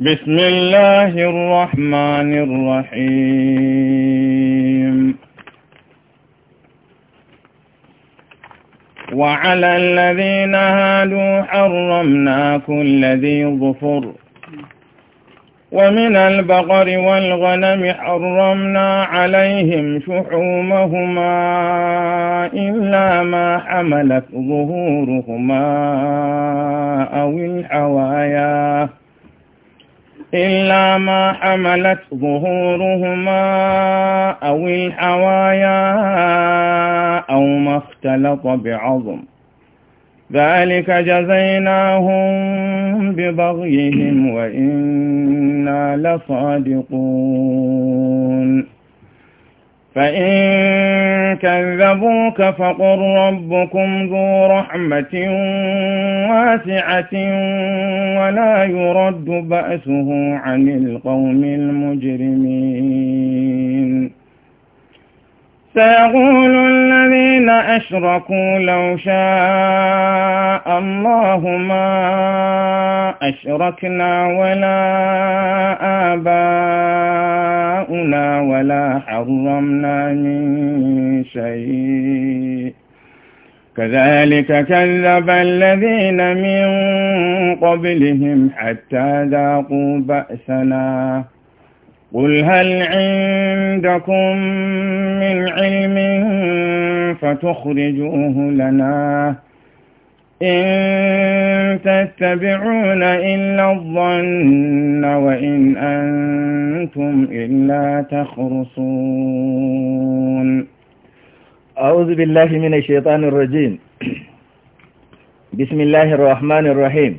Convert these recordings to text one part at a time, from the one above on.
بسم الله الرحمن الرحيم وعلى الذين هادوا حرمنا كل ذي ظفر ومن البقر والغنم حرمنا عليهم شحومهما إلا ما حملت ظهورهما أو الحوايا إلا ما حملت ظهورهما أو الحوايا أو ما اختلط بعظم ذلك جزيناهم ببغيهم وإنا لصادقون فإن كذبوك فقل ربكم ذو رحمة واسعة ولا يرد بأسه عن القوم المجرمين سيقول الذين أشركوا لو شاء الله ما أشركنا ولا آباؤنا ولا حرمنا من شيء كذلك كذب الذين من قبلهم حتى ذاقوا بأسنا قل هل عندكم من علم فتخرجوه لنا إن تتبعون إلا الظن وإن أنتم إلا تخرصون أعوذ بالله من الشيطان الرجيم بسم الله الرحمن الرحيم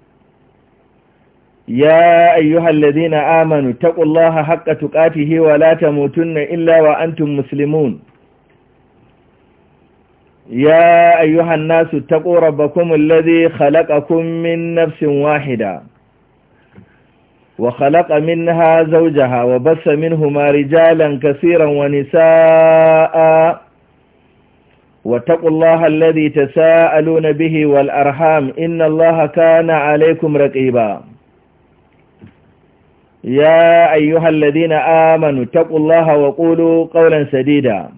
ya ayyuhal ladina amanu taqullaha haqqa tuqatihi wa la tamutunna illa wa antum ya ayyuhan nasu taqu rabbakumul ladhi khalaqakum min nafsin wahida wa khalaqa minha zawjaha wa bassa minhumā rijālan kathīran wa nisā'a wa taqullaha alladhī tasā'alūna bihi wal arham innallāha kāna 'alaykum raqībā يا أيها الذين آمنوا اتقوا الله وقولوا قولا سديدا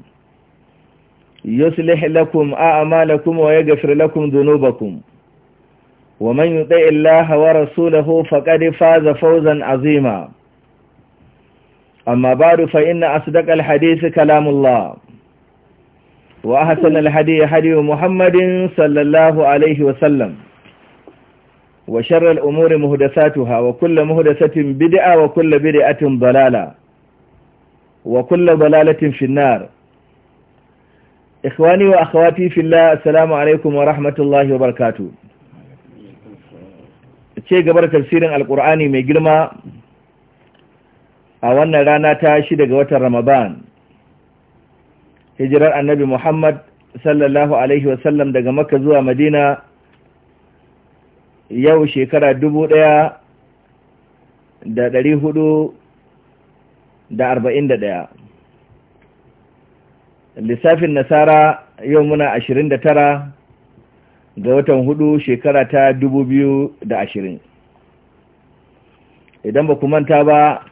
يصلح لكم أعمالكم ويغفر لكم ذنوبكم ومن يطع الله ورسوله فقد فاز فوزا عظيما أما بعد فإن أصدق الحديث كلام الله وأحسن الحديث حديث محمد صلى الله عليه وسلم wa sharar umuri muhdasatuha wa kulle muhdasatin bid'a wa kulle bid'atin dalala wa kulle dalalatin finnar ikhwani wa akhwati fillah assalamu alaikum wa rahmatullahi wa barakatuh ce gabar tafsirin alqur'ani mai girma a wannan rana ta shi daga watan ramadan hijirar annabi muhammad sallallahu alaihi wa sallam daga makka zuwa madina yau shekara dubu ɗaya da ɗari hudu da arba'in da ɗaya lissafin nasara yau muna ashirin da tara ga watan hudu shekara ta dubu biyu da ashirin idan ba ku manta ba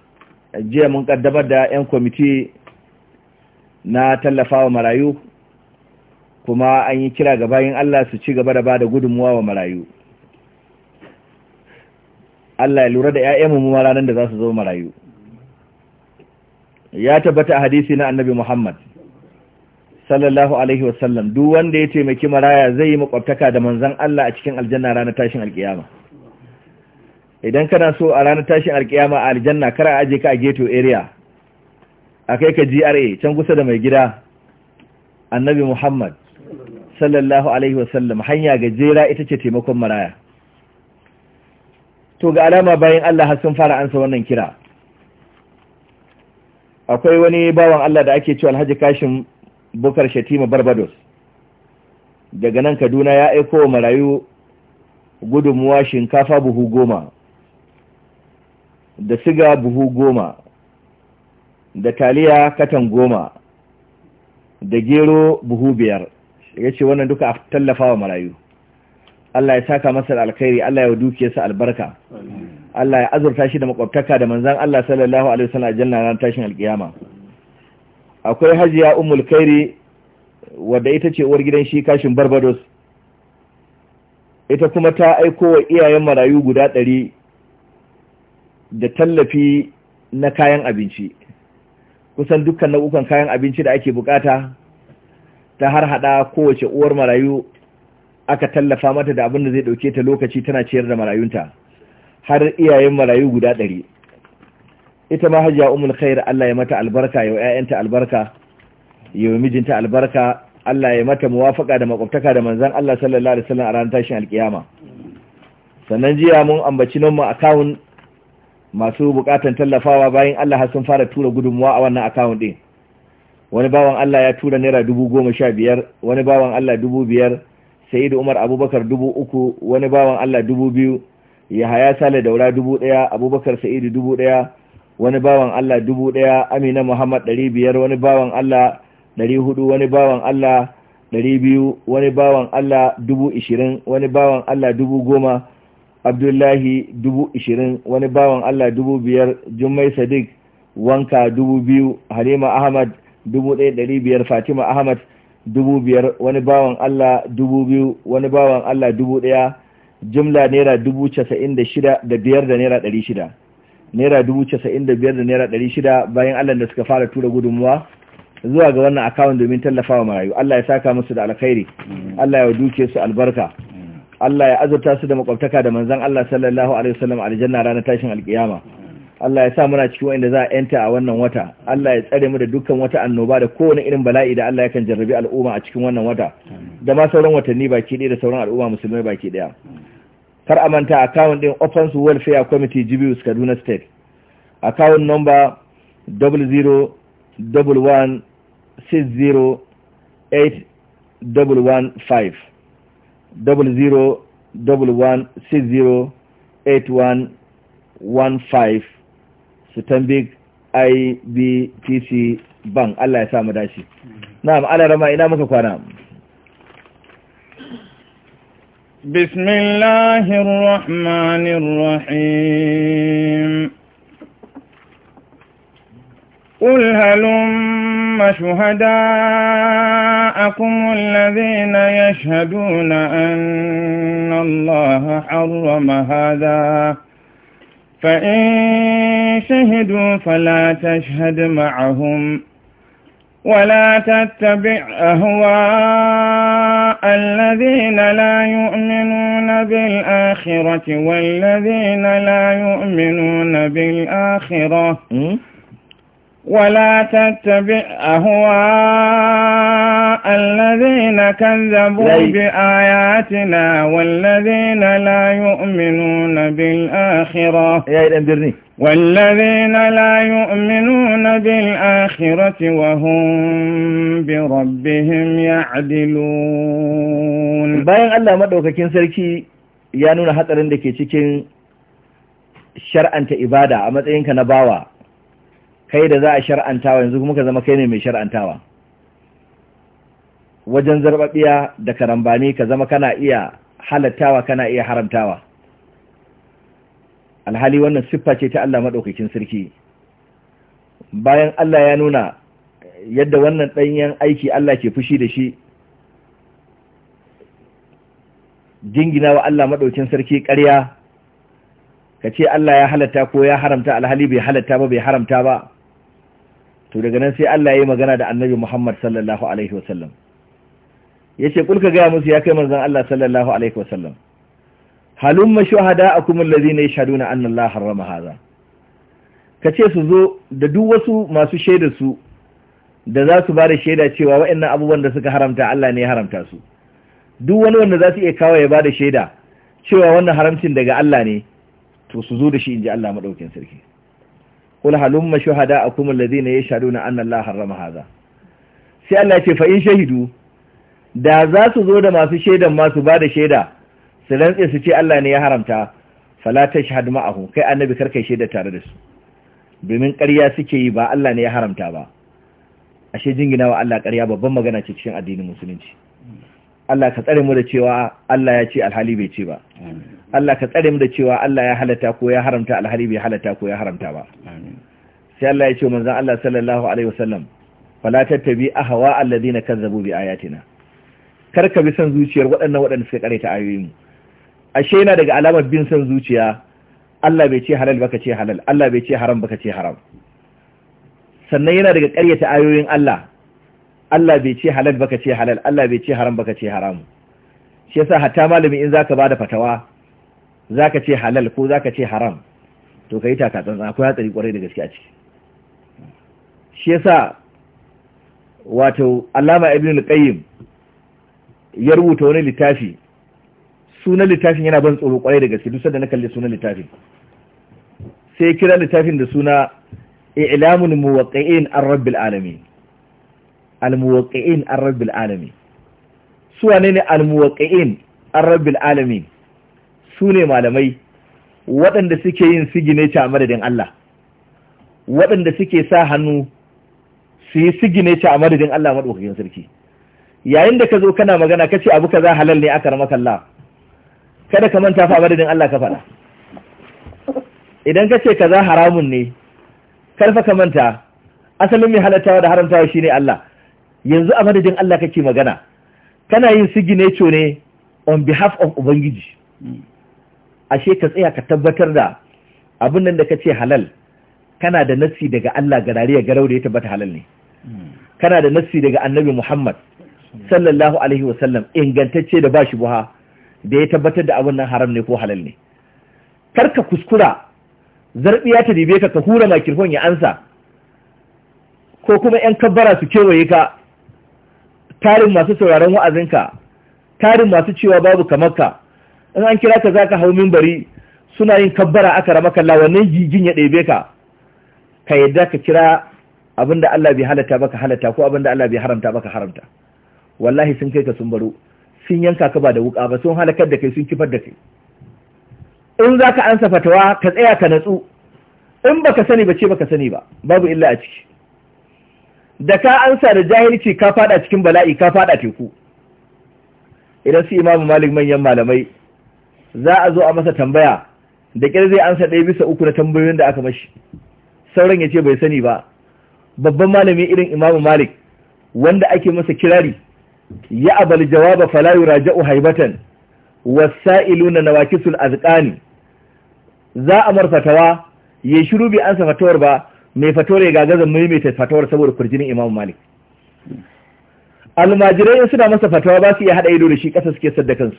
jiya mun kaddamar da 'yan kwamiti na tallafawa marayu kuma an yi kira ga bayan Allah su ci gaba da ba da gudunmuwa wa marayu Allah ya lura da 'ya'yan mu ranar da za su zo marayu ya tabbata a hadisi na annabi Muhammad sallallahu alaihi wasallam duk wanda ya taimaki maraya zai yi makwabtaka da manzan Allah a cikin aljanna ranar tashin alkiyama idan kana so a ranar tashin alkiyama a aljanna kara aje ka a ghetto area a kai ka GRA can kusa da mai gida annabi Muhammad sallallahu alaihi wasallam hanya ga jera ita ce taimakon maraya to ga alama bayan Allah har sun fara ansa wannan kira akwai wani bawan Allah da ake cewa Alhaji Kashim Bukar Shatima Barbados daga nan Kaduna ya aiko wa marayu gudunmuwa shinkafa buhu goma da siga buhu goma da taliya katan goma da gero buhu biyar ya ce wannan duka a tallafa wa marayu Allah ya saka masa da alkhairi Allah ya dukiyarsa albarka Allah ya azurta shi da makwabtaka da manzan Allah sallallahu alaihi wasallam a janna ran tashin alkiyama akwai hajiya ummul khairi wadda ita ce uwar gidan shi kashin barbados ita kuma ta aiko wa iyayen marayu guda ɗari da tallafi na kayan abinci kusan dukkan nau'ukan kayan abinci da ake bukata ta har hada kowace uwar marayu aka tallafa mata da abin da zai dauke ta lokaci tana ciyar da marayunta har iyayen marayu guda ɗari ita ma hajiya umul khair Allah ya mata albarka yau ƴaƴanta albarka yau mijinta albarka Allah ya mata muwafaka da makwabtaka da manzan Allah sallallahu alaihi wasallam a ranar tashin alkiyama sannan jiya mun ambaci nan mu account masu bukatan tallafawa bayan Allah har sun fara tura gudunmuwa a wannan akawun din wani bawan Allah ya tura naira dubu goma sha biyar wani bawan Allah dubu biyar sayyidu umar abubakar dubu uku wani bawan allah dubu biyu yahaya sale daura dubu ɗaya abubakar sa'idu dubu ɗaya wani bawan allah dubu ɗaya amina muhammad ɗari biyar wani bawan allah ɗari hudu wani bawan allah ɗari biyu wani bawan allah dubu ishirin wani bawan allah dubu goma abdullahi dubu ishirin wani bawan allah dubu biyar jummai sadiq wanka dubu biyu halima ahmad dubu ɗaya ɗari biyar fatima ahmad dubu biyar wani bawan Allah dubu biyu wani bawan Allah dubu ɗaya jimla naira dubu casa'in da shida da biyar da naira ɗari shida naira dubu casa'in da biyar da naira ɗari shida bayan Allah da suka fara tura gudunmuwa zuwa ga wannan akawun domin tallafawa marayu Allah ya saka musu da alkhairi Allah ya duke su albarka Allah ya azurta su da makwabtaka da manzan Allah sallallahu alaihi wasallam aljanna ranar tashin alkiyama Allah ya sa muna cikin wanda za a yanta a wannan wata Allah ya tsare mu da dukkan wata annoba da kowane irin bala'i da Allah yakan jarrabi al'umma a cikin wannan wata da ma sauran watanni baki ɗaya da sauran al'umma musulmai baki ɗaya kar a manta ɗin din Offense Welfare Committee Jibius Kaduna State account number 0011608115 0011608115 su stanbic ibtc bank allah ya sa mu dashi na'am ala rama ina muka kwana بسم الله الرحمن قل هلما شهداءكم الذين يشهدون أن الله حرم هذا فإن شهدوا فلا تشهد معهم ولا تتبع أهواء الذين لا يؤمنون بالآخرة والذين لا يؤمنون بالآخرة ولا تتبع أهواء الذين كذبوا بآياتنا والذين لا يؤمنون بالآخرة والذين لا يؤمنون بالآخرة وهم بربهم يعدلون bayan Allah madaukakin sarki ya nuna hatsarin da ke cikin shar'anta ibada a matsayinka na bawa kai da za a shar'antawa yanzu kuma ka zama kai ne mai shar'antawa wajen zarbabiya da karambani ka zama kana iya halattawa kana iya haramtawa alhali wannan siffa ce ta Allah madaukakin sarki bayan Allah ya nuna yadda wannan danyen aiki Allah ke fushi da shi jingina wa Allah madaukakin sarki ƙarya ka ce Allah ya halatta ko ya haramta alhali bai halatta ba bai haramta ba to daga nan sai Allah ya yi magana da annabi Muhammad sallallahu alaihi wasallam ya ce kulka gaya musu ya kai manzon Allah sallallahu alaihi wasallam halumma akum allazina yashhaduna anna Allah harrama hadha kace su zo da duk wasu masu shaida su da za su bada shaida cewa wa'annan abubuwan da suka haramta Allah ne ya haramta su duk wani wanda za su iya kawo ya bada shaida cewa wannan haramcin daga Allah ne to su zo da shi inji Allah madaukakin sarki kul halumma shuhada akum alladhina yashhaduna anna Allah harrama haza sai Allah ya ce fa'in shahidu da za su zo da masu shaidan masu ba da shaida su rantse su ce Allah ne ya haramta fala tashhad ma'ahu kai annabi karkai shaida tare da su domin ƙarya suke yi ba Allah ne ya haramta ba ashe jingina wa Allah ƙarya babban magana ce cikin addinin musulunci Allah ka tsare mu da cewa Allah ya ce alhali bai ce ba Allah ka tsare mu da cewa Allah ya halatta ko ya haramta alhali bai halatta ko ya haramta ba sai Allah ya ce manzon Allah sallallahu alaihi wasallam fala tattabi ahwa alladhina kazzabu bi ayatina kar ka bi san zuciyar waɗannan waɗanda suka karanta ayoyin ashe yana daga alamar bin san zuciya Allah bai ce halal baka ce halal Allah bai ce haram baka ce haram sannan yana daga ƙaryata ayoyin Allah Allah bai ce halal baka ce halal Allah bai ce haram baka ce haram shi yasa hatta malami in zaka bada fatawa zaka ce halal ko zaka ce haram to kai taka tsantsan akwai hatsari kwarai da gaske a ciki shi yasa wato alama Ibn al-Qayyim ya rubuta wani littafi sunan littafin yana ban tsoro kwarai da gaske duk sanda na kalli sunan littafin sai kira littafin da suna i'lamul muwaqqi'in ar-rabbil alamin al-muwaqqi'in ar-rabbil alamin su wane ne al-muwaqqi'in ar-rabbil alamin su ne malamai waɗanda suke yin sigine a madadin Allah waɗanda suke sa hannu su yi sigine a madadin Allah maɗaukakin sarki yayin da ka zo kana magana ka ce abu ka za halal ne aka ramaka Allah kada ka manta fa madadin Allah ka faɗa idan ka ka kaza haramun ne karfa ka manta asalin mai halattawa da haramtawa shine Allah yanzu a madadin Allah kake magana kana yin sigine ne on behalf of ubangiji ashe ka tsaya ka tabbatar da abin nan da ka ce halal kana da nassi daga Allah garari ya garau da ya tabbata halal ne kana da nassi daga annabi Muhammad sallallahu alaihi wasallam ingantacce da bashi buha da ya tabbatar da abin nan haram ne ko halal ne karka kuskura zarbiya ta dibe ka ka hura makirfon ya ansa ko kuma yan kabbara su kewaye ka tarin masu sauraron wa'azinka tarin masu cewa babu kamar ka in an kira ka za ka hau mimbari suna yin kabbara aka rama kalla wannan jijin ya ɗebe ka ka yadda ka kira abin da Allah bai halatta baka halatta ko abin da Allah bai haramta baka haramta wallahi sun kai ka sun baro sun yanka ka ba da wuka ba sun halakar da kai sun kifar da kai in za ka ansa fatawa ka tsaya ka natsu in baka sani ba ce baka sani ba babu illa a ciki da ka ansa da jahilci ka fada cikin bala'i ka fada teku idan su imamu malik manyan malamai za a zo a masa tambaya da ƙyar zai ansa ɗaya bisa uku na tambayoyin da aka mashi sauran ya ce bai sani ba babban malami irin imamu malik wanda ake masa kirari ya abal jawaba fala yuraja'u haibatan na nawakisul Azkani, za a fatawa ya shiru bi ansa fatawar ba mai fatawar ya gagaza maimaita fatawar saboda kurjinin imamu malik almajirai suna masa fatawa ba su iya haɗa ido da shi ƙasa suke sadda kansu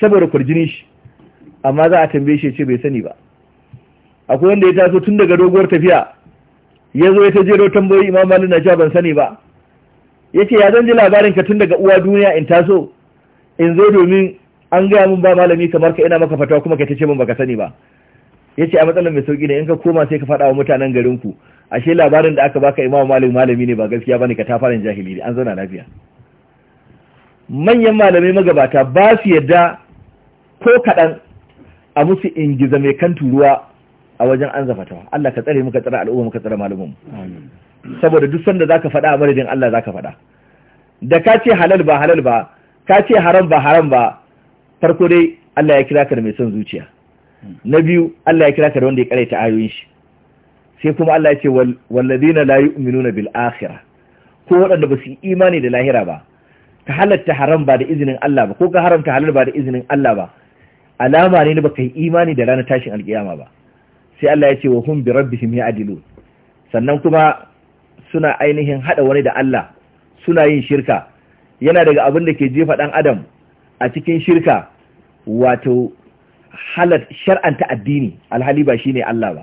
saboda kurjinin shi amma za a tambaye shi ce bai sani ba akwai wanda ya taso tun daga doguwar tafiya ya zo ya ta jero tambayoyi imam malik na ban sani ba ya ce ya zan ji labarin ka tun daga uwa duniya in taso in zo domin an gaya mun ba malami kamar ka ina maka fatawa kuma ka ta ce min baka sani ba ya ce a matsalar mai sauki ne in ka koma sai ka faɗa wa mutanen garin ku ashe labarin da aka baka imam malik malami ne ba gaskiya bane ka fara jahili ne an zauna lafiya manyan malamai magabata ba su yadda ko kaɗan a musu ingiza mai kan turuwa a wajen an zafatawa Allah ka tsare muka tsara al'umma muka tsara malumin saboda duk sanda zaka faɗa a madadin Allah zaka faɗa da ka ce halal ba halal ba ka ce haram ba haram ba farko dai Allah ya kira ka da mai son zuciya na biyu Allah ya kira ka da wanda ya karaita ayoyin shi sai kuma Allah ya ce walladina la yu'minuna bil akhirah ko waɗanda ba su yi imani da lahira ba ka halatta haram ba da izinin Allah ba ko ka haramta halal ba da izinin Allah ba alama ne baka yi imani da ranar tashin alkiyama ba sai Allah ya ce wa hum bi rabbihim ya'dilun sannan kuma suna ainihin hada wani da Allah suna yin shirka yana daga abin da ke jefa dan adam a cikin shirka wato halat shar'anta addini alhali ba shine Allah ba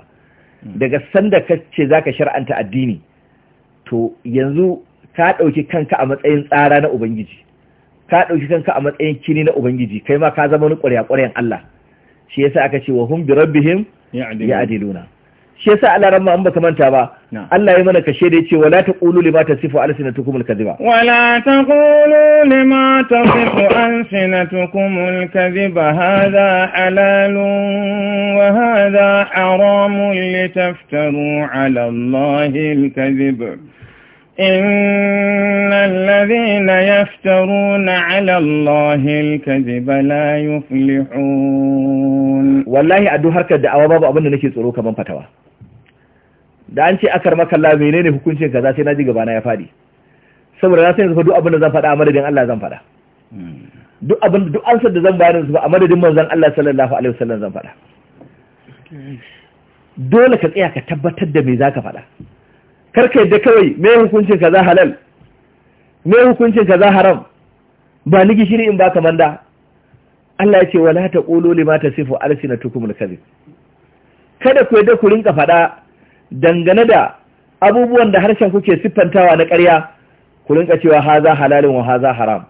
daga sanda kace zaka shar'anta addini to yanzu ka dauki kanka a matsayin tsara na ubangiji ka ɗauki kanka a matsayin kini na ubangiji kai ma ka zama wani ƙwarya ƙwaryan Allah shi yasa aka ce wa hum bi rabbihim ya'diluna shi yasa Allah ran ma an baka manta ba Allah ya mana kashe da yace wala ƙulu lima ta sifo tasifu alsinatukum alkadhiba wala ƙulu lima ta sifo tasifu alsinatukum alkadhiba hadha halalun wa hadha haramun litaftaru ala allahi alkadhiba إن الذين يفترون على الله الكذب لا يفلحون والله أدو هركة دعوة بابا أبنى نكي tsoro kaman fatawa. da an ce akar makalla menene hukuncin kaza sai na ji gabana ya fadi saboda na san duk abin zan faɗa a madadin Allah zan faɗa hmm. duk abin da zan bayar yanzu a madadin manzon Allah sallallahu alaihi wasallam zan faɗa dole ka tsaya ka tabbatar da me za ka faɗa karka yadda kawai me hukuncin ka za halal me hukuncin ka za haram ba ni gishiri in baka manda Allah ya ce wala taqulu lima tasifu alsinatukum alkazib kada ku yadda ku rinka fada, dangane da abubuwan da harshen kuke siffantawa na ƙarya ku rinka cewa haza halalin wa haza haram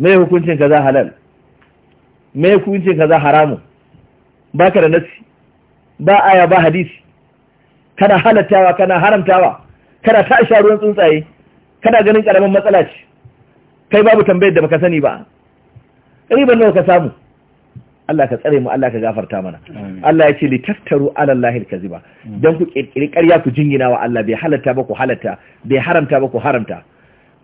me hukuncin ka za halal me hukuncin ka za haramu baka da nasi ba aya ba hadisi kana halattawa kana haramtawa kana ta sha ruwan tsuntsaye kana ganin karamin matsala ce kai babu tambayar da baka sani ba riban nawa ka samu Allah ka tsare mu Allah ka gafarta mana Allah ya ce li taftaru ala Allahil kaziba mm. dan ku kirkiri ƙarya ku jingina wa Allah bai halatta ba ku halatta bai haramta ba ku haramta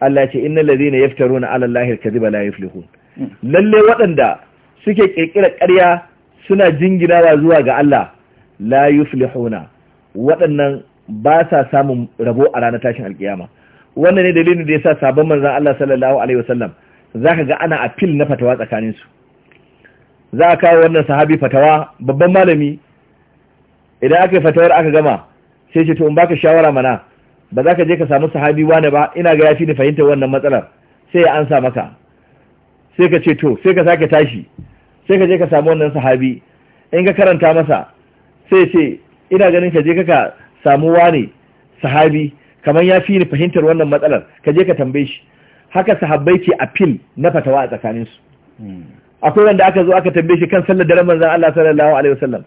Allah ya ce innal ladhina yaftaruna ala Allahil kaziba la yuflihun mm. lalle waɗanda suke kirkira ƙarya suna jinginawa zuwa ga Allah la yuflihuna waɗannan ba sa samun rabo a ranar tashin alkiyama wannan ne dalilin da ya sa sabon manzan Allah sallallahu alaihi wasallam za ka ga ana a apil na fatawa tsakaninsu za a kawo wannan sahabi fatawa babban malami idan aka yi fatawar aka gama sai ce to in baka shawara mana ba za ka je ka samu sahabi wane ba ina ga yafi ni fahimta wannan matsalar sai ya ansa maka sai ka ce to sai ka sake tashi sai ka je ka samu wannan sahabi in ka karanta masa sai ce ina ganin ka je kaka samu wane sahabi kamar ya fi ni fahimtar wannan matsalar ka je ka tambaye shi haka sahabbai ke apil na fatawa a tsakaninsu akwai wanda aka zo aka tambaye shi kan sallar daren manzon Allah sallallahu alaihi wasallam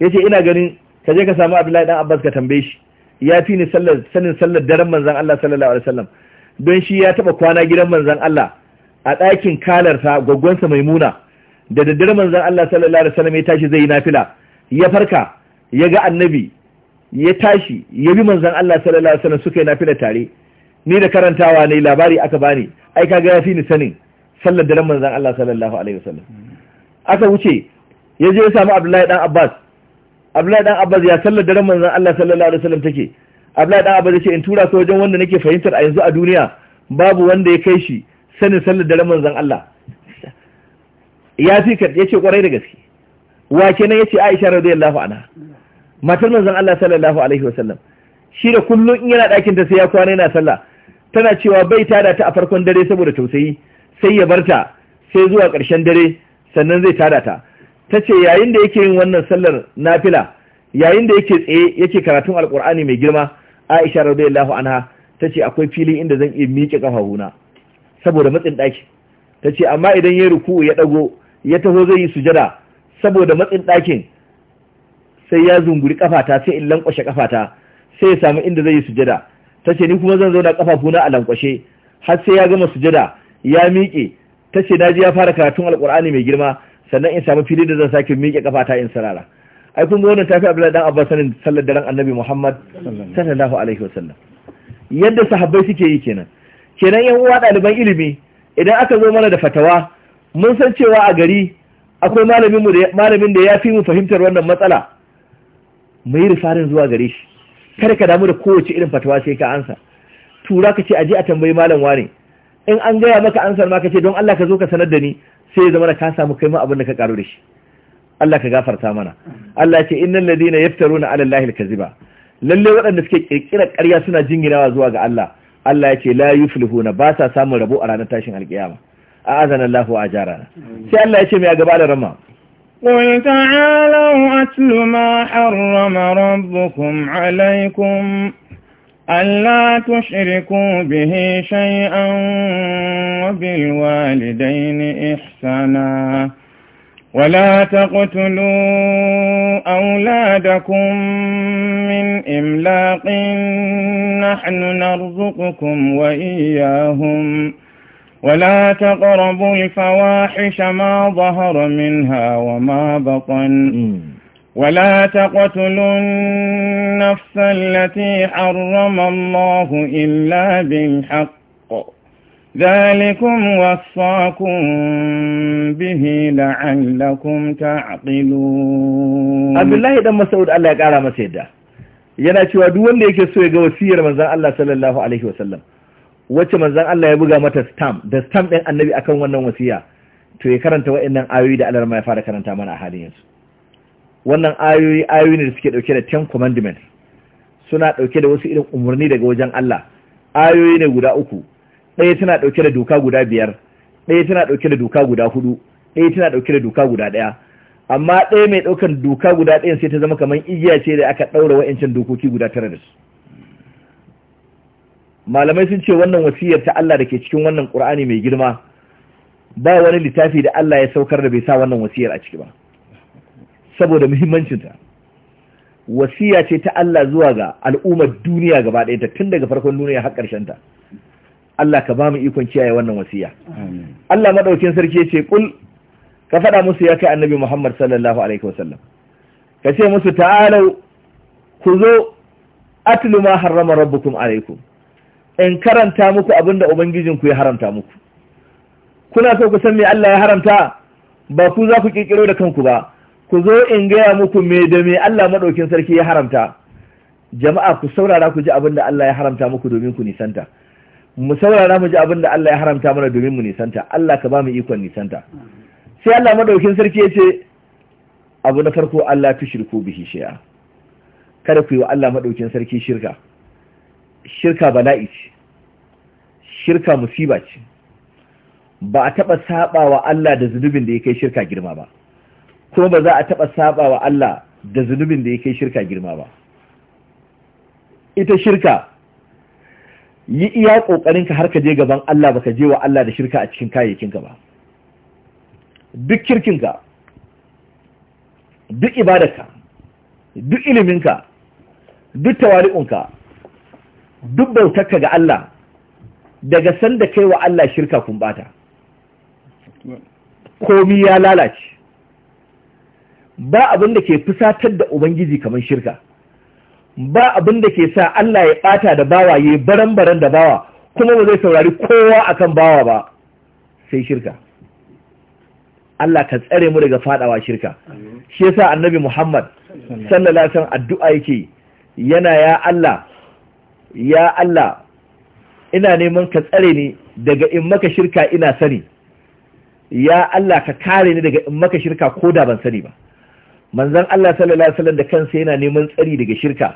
yace ina ganin ka je ka samu Abdullahi dan Abbas ka tambaye shi ya fi ni sallar sanin sallar daren manzon Allah sallallahu alaihi wasallam don shi ya taba kwana gidan manzon Allah a ɗakin kalarsa gwaggonsa maimuna da daddare manzan Allah sallallahu alaihi wasallam ya tashi zai yi nafila ya farka ya ga annabi ya tashi ya bi manzan Allah sallallahu alaihi wasallam suka yi nafila tare ni da karantawa ne labari aka bani ai kaga ya fi ni sanin sallar daren manzan Allah sallallahu alaihi wasallam aka wuce ya je ya samu Abdullahi dan Abbas Abdullahi dan Abbas ya sallar daren manzan Allah sallallahu alaihi wasallam take Abdullahi dan Abbas ya ce in tura ka wajen wanda nake fahimtar a yanzu a duniya babu wanda ya kai shi sanin sallar daren manzan Allah ya fi ka yace kwarai da gaske wa kenan yace Aisha radiyallahu anha matar manzon Allah sallallahu alaihi wasallam shi da kullum in yana ɗakin ta sai ya kwana yana sallah tana cewa bai tada ta a farkon dare saboda tausayi sai ya barta sai zuwa ƙarshen dare sannan zai tada ta tace yayin da yake yin wannan sallar nafila yayin da yake tsaye yake karatun alkur'ani mai girma aisha radiyallahu anha tace akwai fili inda zan iya miƙe kafafuna saboda matsin ɗaki tace amma idan ya ruku ya ɗago, ya taho zai yi sujada saboda matsin ɗakin sai ya zunguri kafata sai in lankwashe kafata sai ya samu inda zai yi sujada tace ni kuma zan zauna kafafuna a lankwashe har sai ya gama sujada ya miƙe na ji ya fara karatun alqur'ani mai girma sannan in samu fili da zan sake miƙe kafata in sarara ai kun ga wannan tafi Abdullahi dan Abbas sanin sallar daren Annabi Muhammad sallallahu alaihi wasallam yadda sahabbai suke yi kenan kenan yan uwa ɗaliban ilimi idan aka zo mana da fatawa mun san cewa a gari akwai malamin da ya fi mu fahimtar wannan matsala mu yi risalin zuwa gare shi kada ka damu da kowace irin fatawa sai ka ansa tura ka ce a aje a tambayi malam wane in an gaya maka ansar ma ka ce don Allah ka zo ka sanar da ni sai ya zama da ka samu kai ma abin da ka karu da shi Allah ka gafarta mana Allah ya ce innal ladina yaftaruna ala allahi alkaziba lalle waɗanda suke kirkirar ƙarya suna jinginawa zuwa ga Allah Allah ya ce la yuflihuna ba sa samun rabo a ranar tashin alkiyama a azana Allahu ajara sai Allah ya ce mai gaba da rama قل تعالوا أتل ما حرم ربكم عليكم ألا تشركوا به شيئا وبالوالدين إحسانا ولا تقتلوا أولادكم من إملاق نحن نرزقكم وإياهم ولا تقربوا الفواحش ما ظهر منها وما بطن ولا تقتلوا النفس التي حرم الله إلا بالحق ذلكم وصاكم به لعلكم تعقلون عبد الله بن مسعود الله ya kara masa yadda yana cewa duk wanda yake so ya ga wasiyar manzon Allah sallallahu alaihi wasallam wacce manzan Allah ya buga mata stam. da stam ɗin annabi akan wannan wasiya to ya karanta waɗannan ayoyi da Allah ya fara karanta mana a halin yanzu wannan ayoyi ayoyi ne da suke dauke da ten commandments suna dauke da wasu irin umarni daga wajen Allah ayoyi ne guda uku ɗaya tana dauke da doka guda biyar ɗaya tana dauke da doka guda hudu ɗaya tana dauke da doka guda ɗaya amma ɗaya mai ɗaukar doka guda ɗaya sai ta zama kamar igiya ce da aka ɗaura wa'incin dokoki guda tara da su malamai sun ce wannan wasiyar ta Allah da ke cikin wannan Qur'ani mai girma ba wani littafi da Allah ya saukar da bai sa wannan wasiyar a ciki ba saboda muhimmancinta wasiya ce ta Allah zuwa ga al'ummar duniya gaba ɗaya ta tun daga farkon duniya har ƙarshen ta Allah ka ba mu ikon kiyaye wannan wasiya Allah madaukin sarki ya ce kul ka faɗa musu ya kai annabi Muhammad sallallahu alaihi wasallam ka ce musu ta'alau ku zo atlu ma harrama rabbukum alaikum in karanta muku abinda ubangijinku ya haramta muku kuna so ku san me Allah ya haramta ba ku za ku kirkiro da kanku ba ku zo in gaya muku me da me Allah maɗaukin sarki ya haramta jama'a ku saurara ku ji abinda Allah ya haramta muku domin ku nisanta mu saurara mu ji abinda Allah ya haramta mana domin mu nisanta Allah ka ba mu ikon nisanta sai Allah maɗaukin sarki ya ce abu na farko Allah shirku bihi shi'a. kada ku yi wa Allah maɗaukin sarki shirka shirka bala'i ce shirka musiba ce ba a taba saɓa wa Allah da zunubin da ya kai shirka girma ba kuma ba za a taɓa saɓa wa Allah da zunubin da ya kai shirka girma ba ita shirka yi iya ka har ka je gaban Allah baka je wa Allah da shirka a cikin kayayyakin ka ba duk kirkin ka, duk ibadarka duk iliminka duk tawali'unka duk bautarka ga Allah daga sanda kai wa Allah shirka kun bata komi ya lalace ba abin da ke fusatar da ubangiji kamar shirka ba abin da ke sa Allah ya bata da bawa ya baran-baran da bawa kuma ba zai saurari kowa akan bawa ba sai shirka Allah ka tsare mu daga fadawa shirka shi yasa annabi Muhammad sallallahu alaihi wasallam addu'a yake yana ya Allah ya Allah ina neman ka tsare ni daga in maka shirka ina sani ya Allah ka kare ni daga in maka shirka ko da ban sani ba manzon Allah sallallahu alaihi wasallam da kansa yana neman tsari daga shirka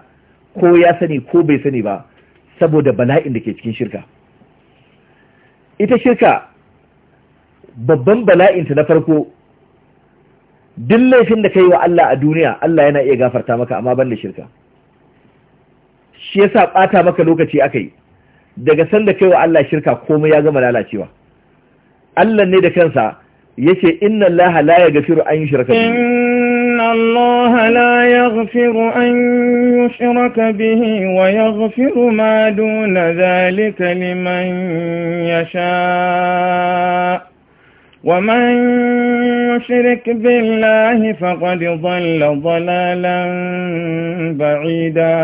ko ya sani ko bai sani ba saboda bala'in da ke cikin shirka ita shirka babban bala'inta na farko duk laifin da ka yi wa Allah a duniya Allah yana iya gafarta maka amma ban da shirka shi yasa ɓata maka lokaci aka yi daga sanda kai wa Allah shirka komai ya gama lalacewa Allah ne da kansa yace inna Allah la yaghfiru an yushraka bihi inna Allah la yaghfiru an yushraka bihi wa yaghfiru ma duna dhalika liman yasha' ومن يشرك بالله فقد ضل ضلالا بعيدا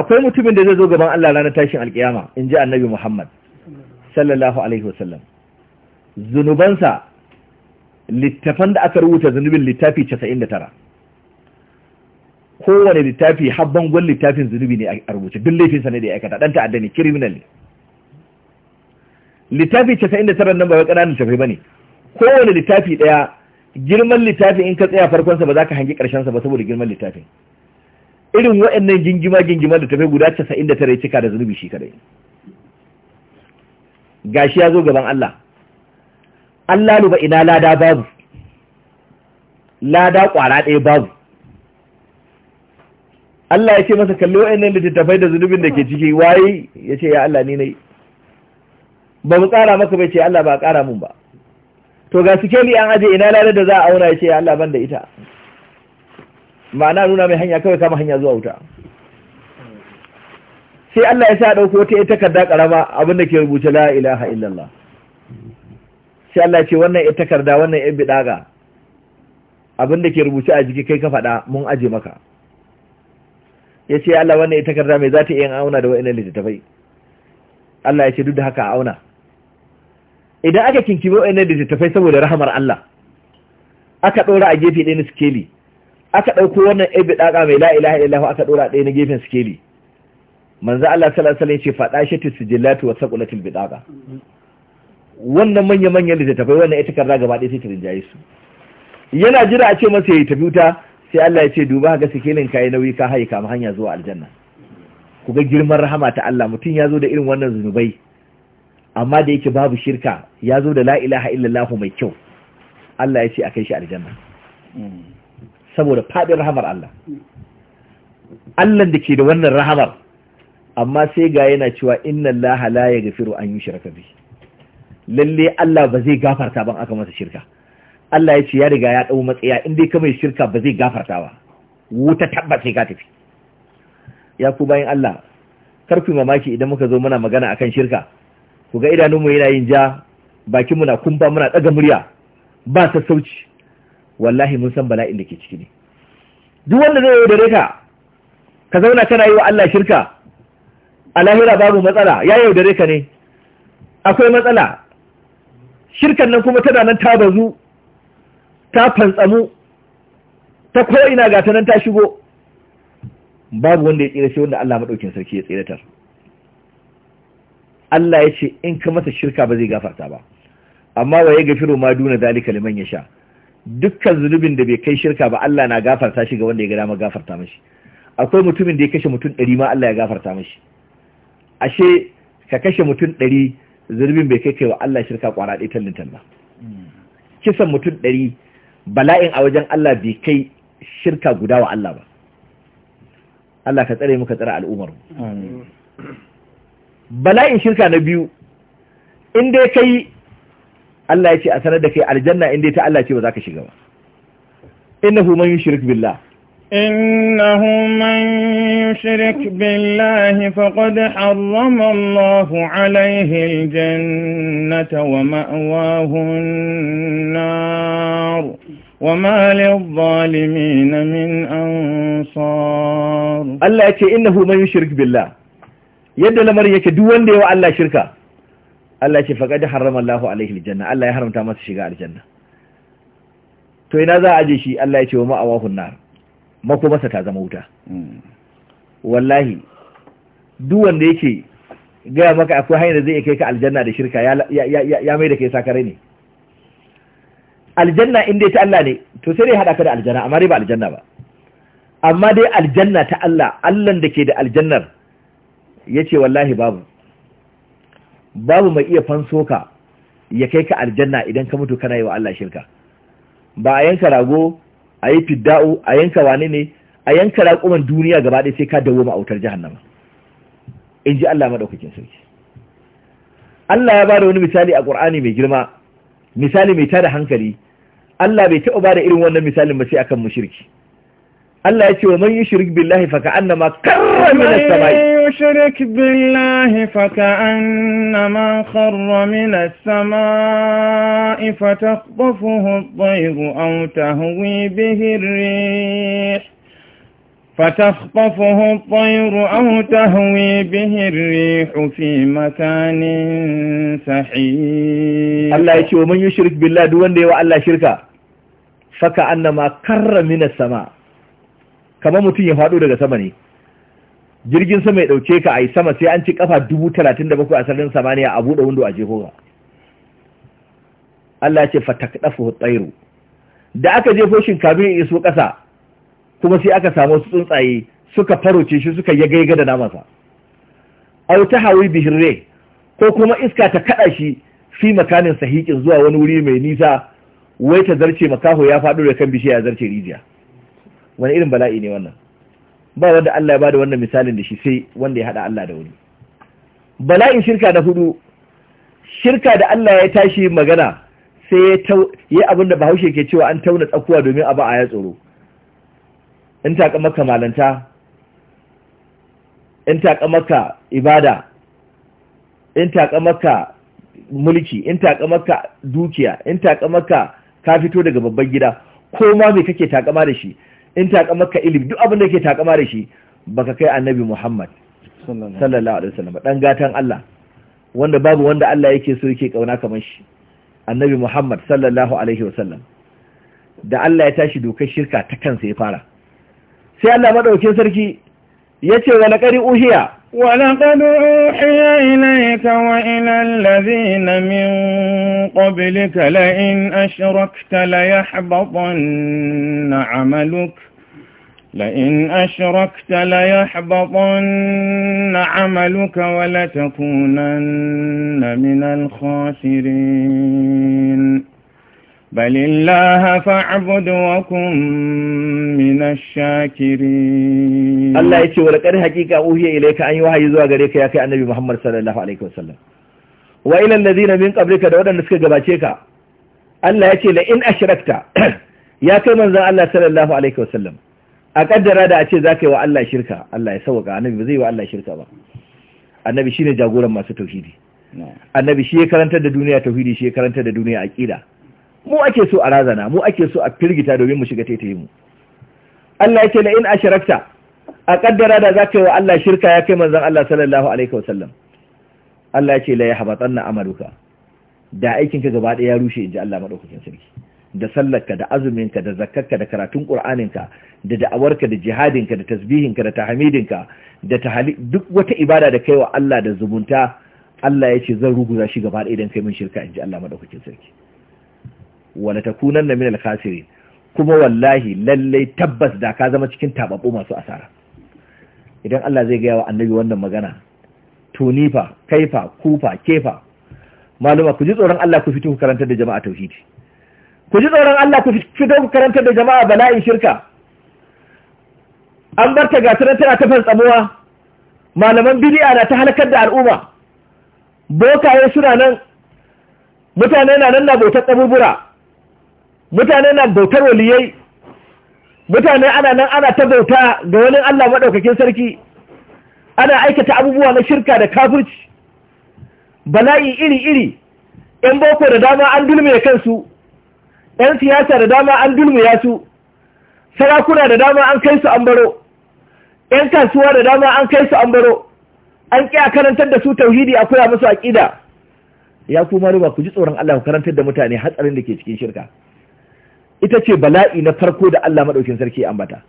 akwai mutumin da zai zo gaban Allah ranar tashin alkiyama inji annabi Muhammad sallallahu alaihi wasallam zunubansa littafan da aka rubuta zunubin littafi 99 kowane littafi habban gwan littafin zunubi ne a rubuce duk laifinsa ne da ya aikata dan ta'adda ne criminal littafi 99 nan ba wai ƙananan tafai bane kowane littafi ɗaya girman littafin in ka tsaya farkonsa ba za ka hangi ƙarshensa ba saboda girman littafin irin waɗannan gingima gingima tafi guda casa'in da tare cika da zunubi shi kadai gashi ya zo gaban Allah Allah ba ina lada babu lada ƙwara ɗaya babu Allah ya ce masa kallo waɗannan littattafai da zunubin da ke ciki waye ya ce ya Allah ni ne ba mu tsara maka bai ce Allah ba a ƙara mun ba to ga sikeli an aje ina lalar da za a auna ya ce Allah ban da ita ma'ana nuna mai hanya kawai kama hanya zuwa wuta sai Allah ya sa dauko ta ita takarda karama abin da ke rubuce la ilaha illallah sai Allah ya ce wannan ita takarda wannan yan bidaga abin da ke rubuce a jiki kai ka faɗa mun aje maka ya ce Allah wannan ita takarda mai za ta iya auna da wa'annan littattafai Allah ya ce duk da haka auna idan aka kinkimi da tafai saboda rahamar Allah aka ɗora a gefe ɗaya na sikeli aka ɗauko wannan ibi ɗaƙa mai la'ilaha illahu aka ɗora ɗaya na gefen sikeli manzo Allah sallallahu alaihi wasallam ce faɗa shi tisjillatu wa saqulatil bidaqa wannan manya manyan tafai wannan ita karra gaba ɗaya sai ta rinjaye su yana jira a ce masa ya tafi wuta sai Allah ya ce duba ga sikelin kai nauyi ka haika mu hanya zuwa aljanna ku ga girman rahama ta Allah mutum ya zo da irin wannan zunubai amma da yake babu shirka ya zo da la ilaha mai kyau Allah ya ce a kai shi aljanna saboda faɗin rahamar Allah Allah da ke da wannan rahamar amma sai ga yana cewa inna Allah la yaghfiru an shirka bi lalle Allah ba zai gafarta ban aka masa shirka Allah ya ce ya riga ya dau matsaya in dai ka mai shirka ba zai gafarta ba wuta tabbata sai ka tafi ya ku bayan Allah karfi mamaki idan muka zo muna magana akan shirka ku ga idanunmu yana yin ja bakinmu na kumfa muna ɗaga murya ba sauci. wallahi mun san bala'in da ke ciki ne duk wanda zai yi dare ka ka zauna kana yi wa Allah shirka a lahira babu matsala ya yi dare ka ne akwai matsala shirkan nan kuma tana nan ta bazu ta fantsamu ta ina ga ta nan ta shigo babu wanda ya tsira sai wanda Allah maɗaukin sarki ya tsiratar Allah ya ce in ka masa shirka ba zai gafarta ba amma wa ya gafiro ma duna dalika liman yasha dukkan zunubin da bai kai shirka ba Allah na gafarta shi ga wanda ya ga dama gafarta mashi akwai mutumin da ya kashe mutum 100 ma Allah ya gafarta mashi ashe ka kashe mutum 100 zunubin bai kai kai wa Allah shirka kwara ɗaya tallin talla kisan mutum 100 bala'in a wajen Allah bai kai shirka guda wa Allah ba Allah ka tsare muka tsare al'ummar bala'in shirka na biyu inda ka yi Allah ya ce a sanar da kai aljanna in dai ta Allah ce ba za ka shiga ba inna hu man yi billah inna hu man yi shirk billahi faƙad harrama Allah alaihi jannata wa ma'awahun naru wa malin zalimi na min an Allah ya ce inna hu man yi shirk billah yadda lamarin yake duk wanda yawa Allah shirka Allah ce faƙaɗi harrama Allahu alaihi aljanna Allah ya haramta masa shiga aljanna to ina za a aje shi Allah ya ce wa ma'awahu nar mako masa ta zama wuta wallahi duk wanda yake gaya maka akwai hanyar da zai kai ka aljanna da shirka ya mai da kai sakare ne aljanna in dai ta Allah ne to sai dai hada ka da aljanna amma dai ba aljanna ba amma dai aljanna ta Allah Allah da ke da aljannar ya ce wallahi babu babu mai iya fanso ka ya kai ka aljanna idan ka mutu kana yi wa Allah shirka ba a yanka rago a yi fidda'u a yanka wane ne a yanka raƙuman duniya gaba ɗaya sai ka dawo ma'autar jahannama in ji Allah maɗaukakin sarki Allah ya bada wani misali a ƙur'ani mai girma misali mai tada hankali Allah bai taɓa bada irin wannan misalin ba sai akan mushriki Allah ya ce wa man yushrik billahi fa ka'annama karra min as-sama'i يشرك بالله فكأنما خر من السماء فتخطفه الطير أو تهوي به الريح فتخطفه الطير أو تهوي به الريح في مكان سحيق الله يشي ومن يشرك بالله دون دي وعلا شركا فكأنما كر من السماء كما متين يفعلوا لك سمني jirgin sama ya ɗauke ka a yi sama sai an ci kafa dubu talatin da bakwai a sararin samaniya a buɗe wando a jehova Allah ce ɗafi tsairu da aka jefo shinkabi ya iso ƙasa kuma sai aka samu wasu tsuntsaye suka faroce shi suka yaga gaiga da namasa au ta hawi bihirre ko kuma iska ta kaɗa shi fi makanin sahiƙin zuwa wani wuri mai nisa wai ta zarce makaho ya faɗo da kan bishiya ya zarce rijiya wani irin bala'i ne wannan ba wanda Allah ya bada wannan misalin da shi sai wanda ya hada Allah da wani bala'in shirka na hudu shirka da Allah ya tashi magana sai ya yi abin da bahaushe ke cewa an tauna tsakuwa domin a ba a ya tsoro in taƙa maka malanta in taƙa maka ibada in taƙa maka mulki in taƙa maka dukiya in taƙa maka ka fito daga babban gida ko ma me kake takama da shi in takamaka ilimi duk abin da ke takama da shi baka kai annabi Muhammad sallallahu alaihi wasallam dan gatan Allah wanda babu wanda Allah yake so yake kauna kamar shi annabi Muhammad sallallahu alaihi wasallam da Allah ya tashi dokar shirka ta kansa ya fara sai Allah madaukakin sarki yace wa laqari uhiya ولقد أوحي إليك وإلى الذين من قبلك لئن أشركت ليحبطن عملك لئن أشركت ليحبطن عملك ولتكونن من الخاسرين بَلِ اللَّهَ فَاعْبُدْ وَكُن مِّنَ الشَّاكِرِينَ الله yace wal qari hakika uhiya ilayka an yi wahayi zuwa gare ka ya kai annabi Muhammad sallallahu alaihi wasallam wa ila alladhina min qablika da wadanda suka gabace ka Allah yace la in ashrakta ya kai manzon Allah sallallahu alaihi wasallam a kaddara da a ce zakai wa Allah shirka Allah ya sauka annabi bazai wa Allah shirka ba annabi shine jagoran masu tauhidi annabi shi ya karanta da duniya tauhidi shi ya karanta da duniya aqida mu ake so a razana mu ake so a firgita domin mu shiga taitaye mu Allah yake la in asharakta a kaddara da zaka yi wa Allah shirka ya kai manzon Allah sallallahu alaihi wasallam Allah yake la yahbatanna amaluka da aikinka gaba ɗaya ya rushe inji Allah madaukakin sarki da sallarka da azuminka da zakkarka da karatun qur'aninka da da'awarka da jihadinka da tasbihinka da tahmidinka da tahali duk wata ibada da kai wa Allah da zubunta Allah yake zan ruguza shi gaba ɗaya idan kai min shirka inji Allah madaukakin sarki Wani wala na minal khasirin kuma wallahi lallai tabbas da ka zama cikin tababu masu asara idan Allah zai gaya wa annabi wannan magana tunifa kaifa kufa kefa maluma ku ji tsoron Allah ku fito ku karantar da jama'a tauhidi ku ji tsoron Allah ku fito ku karantar da jama'a bala'i shirka an barta ga tana tana ta tsamuwa malaman bid'a na ta halakar da al'umma bokaye suna nan mutane na nan na bautar tsabubura mutane na bautar waliyai mutane ana nan ana ta bauta ga wani Allah maɗaukakin sarki ana aikata abubuwa na shirka da kafirci bala'i iri-iri ‘yan boko da dama an dulmiya kansu ‘yan siyasa da dama an dulmiya su sarakuna da dama an kai su an baro ‘yan kasuwa da dama an kai su an baro an ƙi karantar da su tauhidi a koya musu aƙida ya kuma ruba ku ji tsoron Allah ku karantar da mutane hatsarin da ke cikin shirka ita ce bala'i na farko da Allah maɗaukin sarki ambata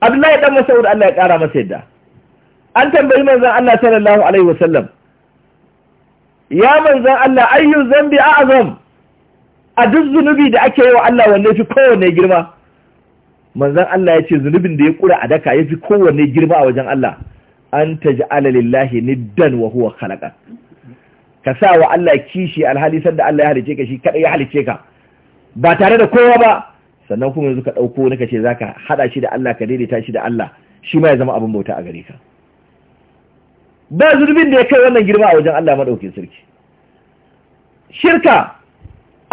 Abdullahi dan wuri Allah ya kara masa yadda an tambayi manzan Allah sallallahu alaihi wasallam ya manzan Allah ayyun zambi a'zam a duk zunubi da ake yi wa Allah wanne fi kowanne girma manzan Allah ya ce zunubin da ya kura a daka ya fi kowanne girma a wajen Allah an taj'ala lillahi niddan wa huwa khalaqa ka sa wa Allah kishi alhali sanda Allah ya halice ka shi kaɗai ya halice ka ba tare da kowa ba sannan kuma yanzu ka ɗauko ne ka ce za ka haɗa shi da Allah ka daidaita shi da Allah shi ma ya zama abin bauta a gare ka ba zurbin da ya kai wannan girma a wajen Allah maɗaukin sarki shirka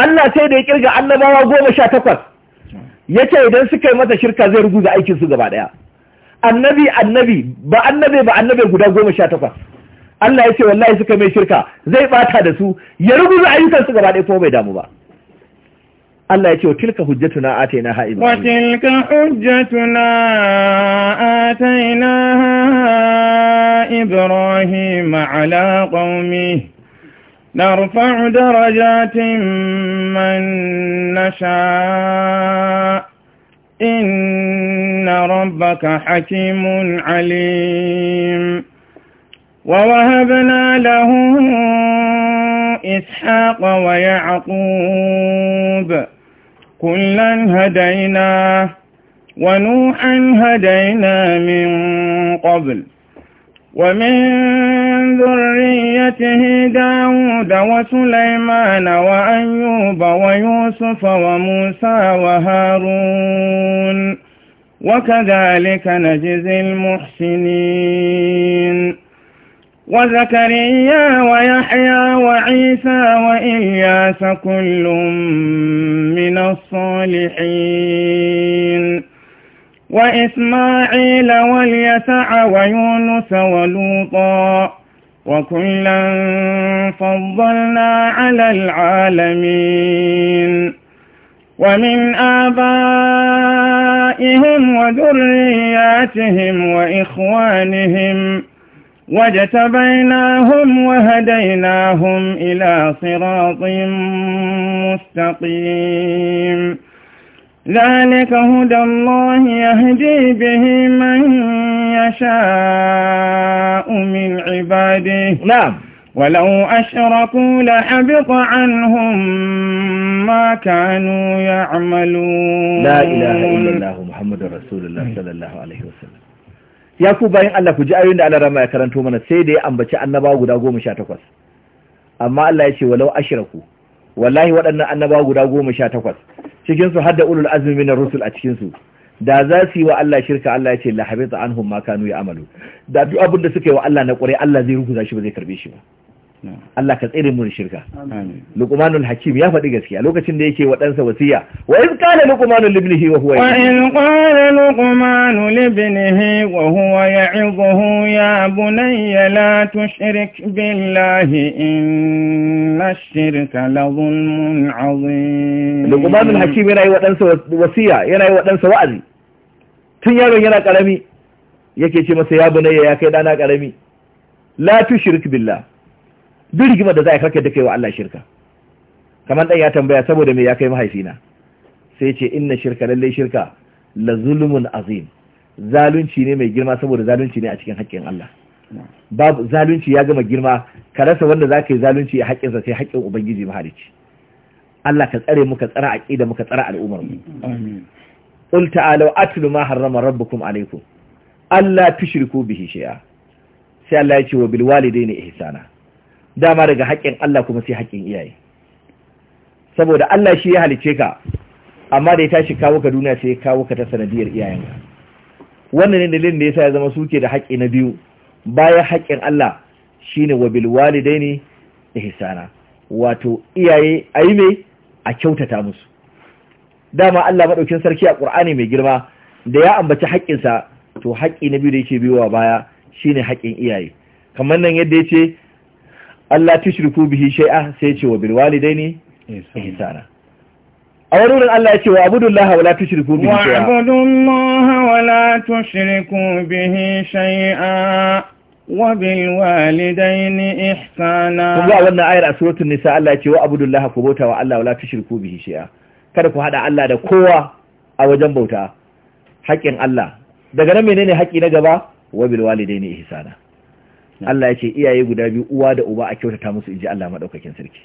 Allah sai da ya kirga annabawa goma sha takwas ya ce idan suka yi masa shirka zai ruguza aikin su gaba ɗaya annabi annabi ba annabe ba annabe guda goma sha takwas Allah ya ce wallahi suka mai shirka zai ɓata da su ya ruguza ayyukan su gaba ɗaya kuma bai damu ba Allah ya ce wa tilka hujjatuna ataina ha ibrahim wa tilka hujjatuna ataina ha ibrahim ala qaumi narfa'u darajatin man nasha inna rabbaka hakimun alim ووهبنا له إسحاق ويعقوب كلا هدينا ونوحا هدينا من قبل ومن ذريته داود وسليمان وأيوب ويوسف وموسى وهارون وكذلك نجزي المحسنين وزكريا ويحيى وعيسى وإلياس كل من الصالحين وإسماعيل واليسع ويونس ولوطا وكلا فضلنا على العالمين ومن آبائهم وذرياتهم وإخوانهم واجتبيناهم وهديناهم إلى صراط مستقيم ذلك هدى الله يهدي به من يشاء من عباده نعم ولو أشركوا لحبط عنهم ما كانوا يعملون لا إله إلا الله محمد رسول الله صلى الله عليه وسلم ya ku bayan Allah ku ji ayoyin da Allah rama ya karanto mana sai da ya ambaci annaba guda goma sha takwas amma Allah ya ce walau ashiraku wallahi waɗannan annaba guda goma sha takwas cikinsu har da ulul azumi na rusul a cikinsu da za su yi wa Allah shirka Allah ya ce la habita anhum ma kanu ya'malu da duk abin da suka yi wa Allah na ƙure Allah zai ruguza shi ba zai karbe shi ba Allah ka tsere mun shirka Luqmanul Hakim ya faɗi gaskiya lokacin da yake wa ɗansa wasiya wa in qala Luqmanul libnihi wa huwa wa in qala Luqmanul libnihi wa huwa ya'idhuhu ya bunayya la tushrik billahi inna ash-shirka la dhulmun 'azim Luqmanul Hakim yana yi wa ɗansa wasiya yana yi wa ɗansa wa'azi tun yaron yana karami yake ce masa ya bunayya ya kai dana karami la tushrik billahi duk rigimar da za a karkar da kai wa Allah shirka kamar ɗan ya tambaya saboda me ya kai mahaifina sai ce inna shirka lallai shirka la zulmun azim zalunci ne mai girma saboda zalunci ne a cikin haƙƙin Allah babu zalunci ya gama girma ka rasa wanda za ka yi zalunci a haƙƙinsa sai haƙƙin ubangiji mahalicci Allah ka tsare muka tsara aqida muka tsara al'ummar mu amin qul ta'alu atlu ma harrama rabbukum alaykum alla tushriku bihi shay'a sai Allah ya ce wa bil walidayni ihsana dama daga haƙƙin Allah kuma sai haƙƙin iyaye saboda Allah shi ya halice ka amma da ya tashi kawo ka duniya sai ya kawo ka ta sanadiyar iyayenka wannan ne dalilin da yasa ya zama suke da haƙƙi na biyu bayan haƙƙin Allah shine wa bil walidaini ihsana wato iyaye ayi me a kyautata musu dama Allah madaukin sarki a Qur'ani mai girma da ya ambaci haƙƙinsa to haƙƙi na biyu da yake biyowa baya shine haƙƙin iyaye kamar nan yadda ya ce. Allah tushriku bihi shay'a sai ce wa bil walidaini ihsana a wani wurin Allah ya ce wa abudullaha wala tushriku bihi shay'a wa abudullaha wala tushriku bihi shay'a wa bil walidaini ihsana kun ga wannan ayar a suratul nisa Allah ya ce wa abudullaha ku bauta wa Allah wala tushriku bihi shay'a kada ku hada Allah da kowa a wajen bauta haƙƙin Allah daga nan menene haƙƙi na gaba wa bil walidaini ihsana Allah ya ce iyaye guda biyu uwa da uba a kyautata musu inji Allah madaukakin sarki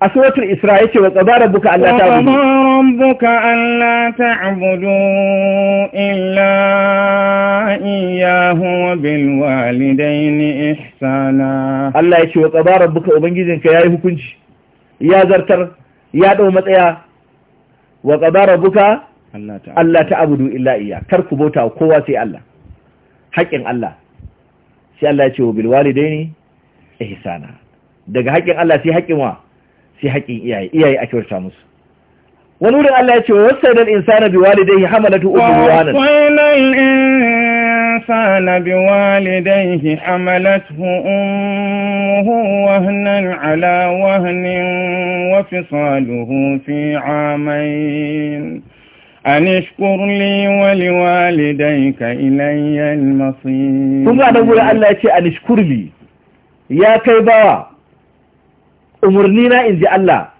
a suratul isra yace wa qadara rabbuka alla ta'budu rabbuka alla ta'budu illa iyyahu wa bil walidayni ihsana Allah yace wa qadara buka ubangijinka yayi hukunci ya zartar ya dau matsaya wa qadara Allah ta ta'budu illa iya. kar ku bauta kowa sai Allah haƙin Allah sai Allah ya ce wa bilwalidaini ihsana daga haƙƙin Allah sai haƙƙin wa sai haƙƙin iyaye iyaye a kyauta musu wani wurin Allah ya ce wa wasaidal insana biwalidayhi hamalatu ummuhu wahanan الإنسان بوالديه حملته أمه وهنا على وهن وفصاله في عامين an ishkur li wa liwalidayka ilayen masu masir kun ga da gura Allah ya ce an ishkur ya kai bawa umurni na inji Allah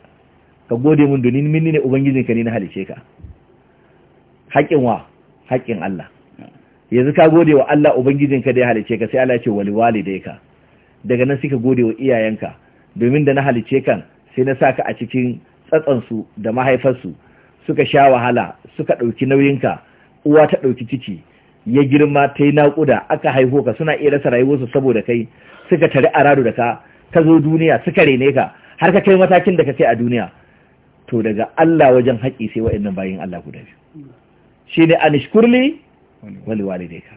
ka gode mun domin minni ne ubangijinka ne na halice ka haƙin wa haƙin Allah yanzu ka gode wa Allah ubangijinka da ya halice ka sai Allah ya ce wali walidayka daga nan sai ka gode wa iyayenka domin da na halice kan sai na saka a cikin tsatsansu da mahaifarsu suka sha wahala suka ɗauki nauyinka uwa ta ɗauki ciki ya girma ta yi naƙuda aka haihu ka suna iya rasa rayuwarsu saboda kai suka tare a rado da ka ka zo duniya suka rene ka har ka kai matakin da ka kai a duniya to daga Allah wajen haƙƙi sai wa'annan bayin Allah guda biyu shi ne dai ka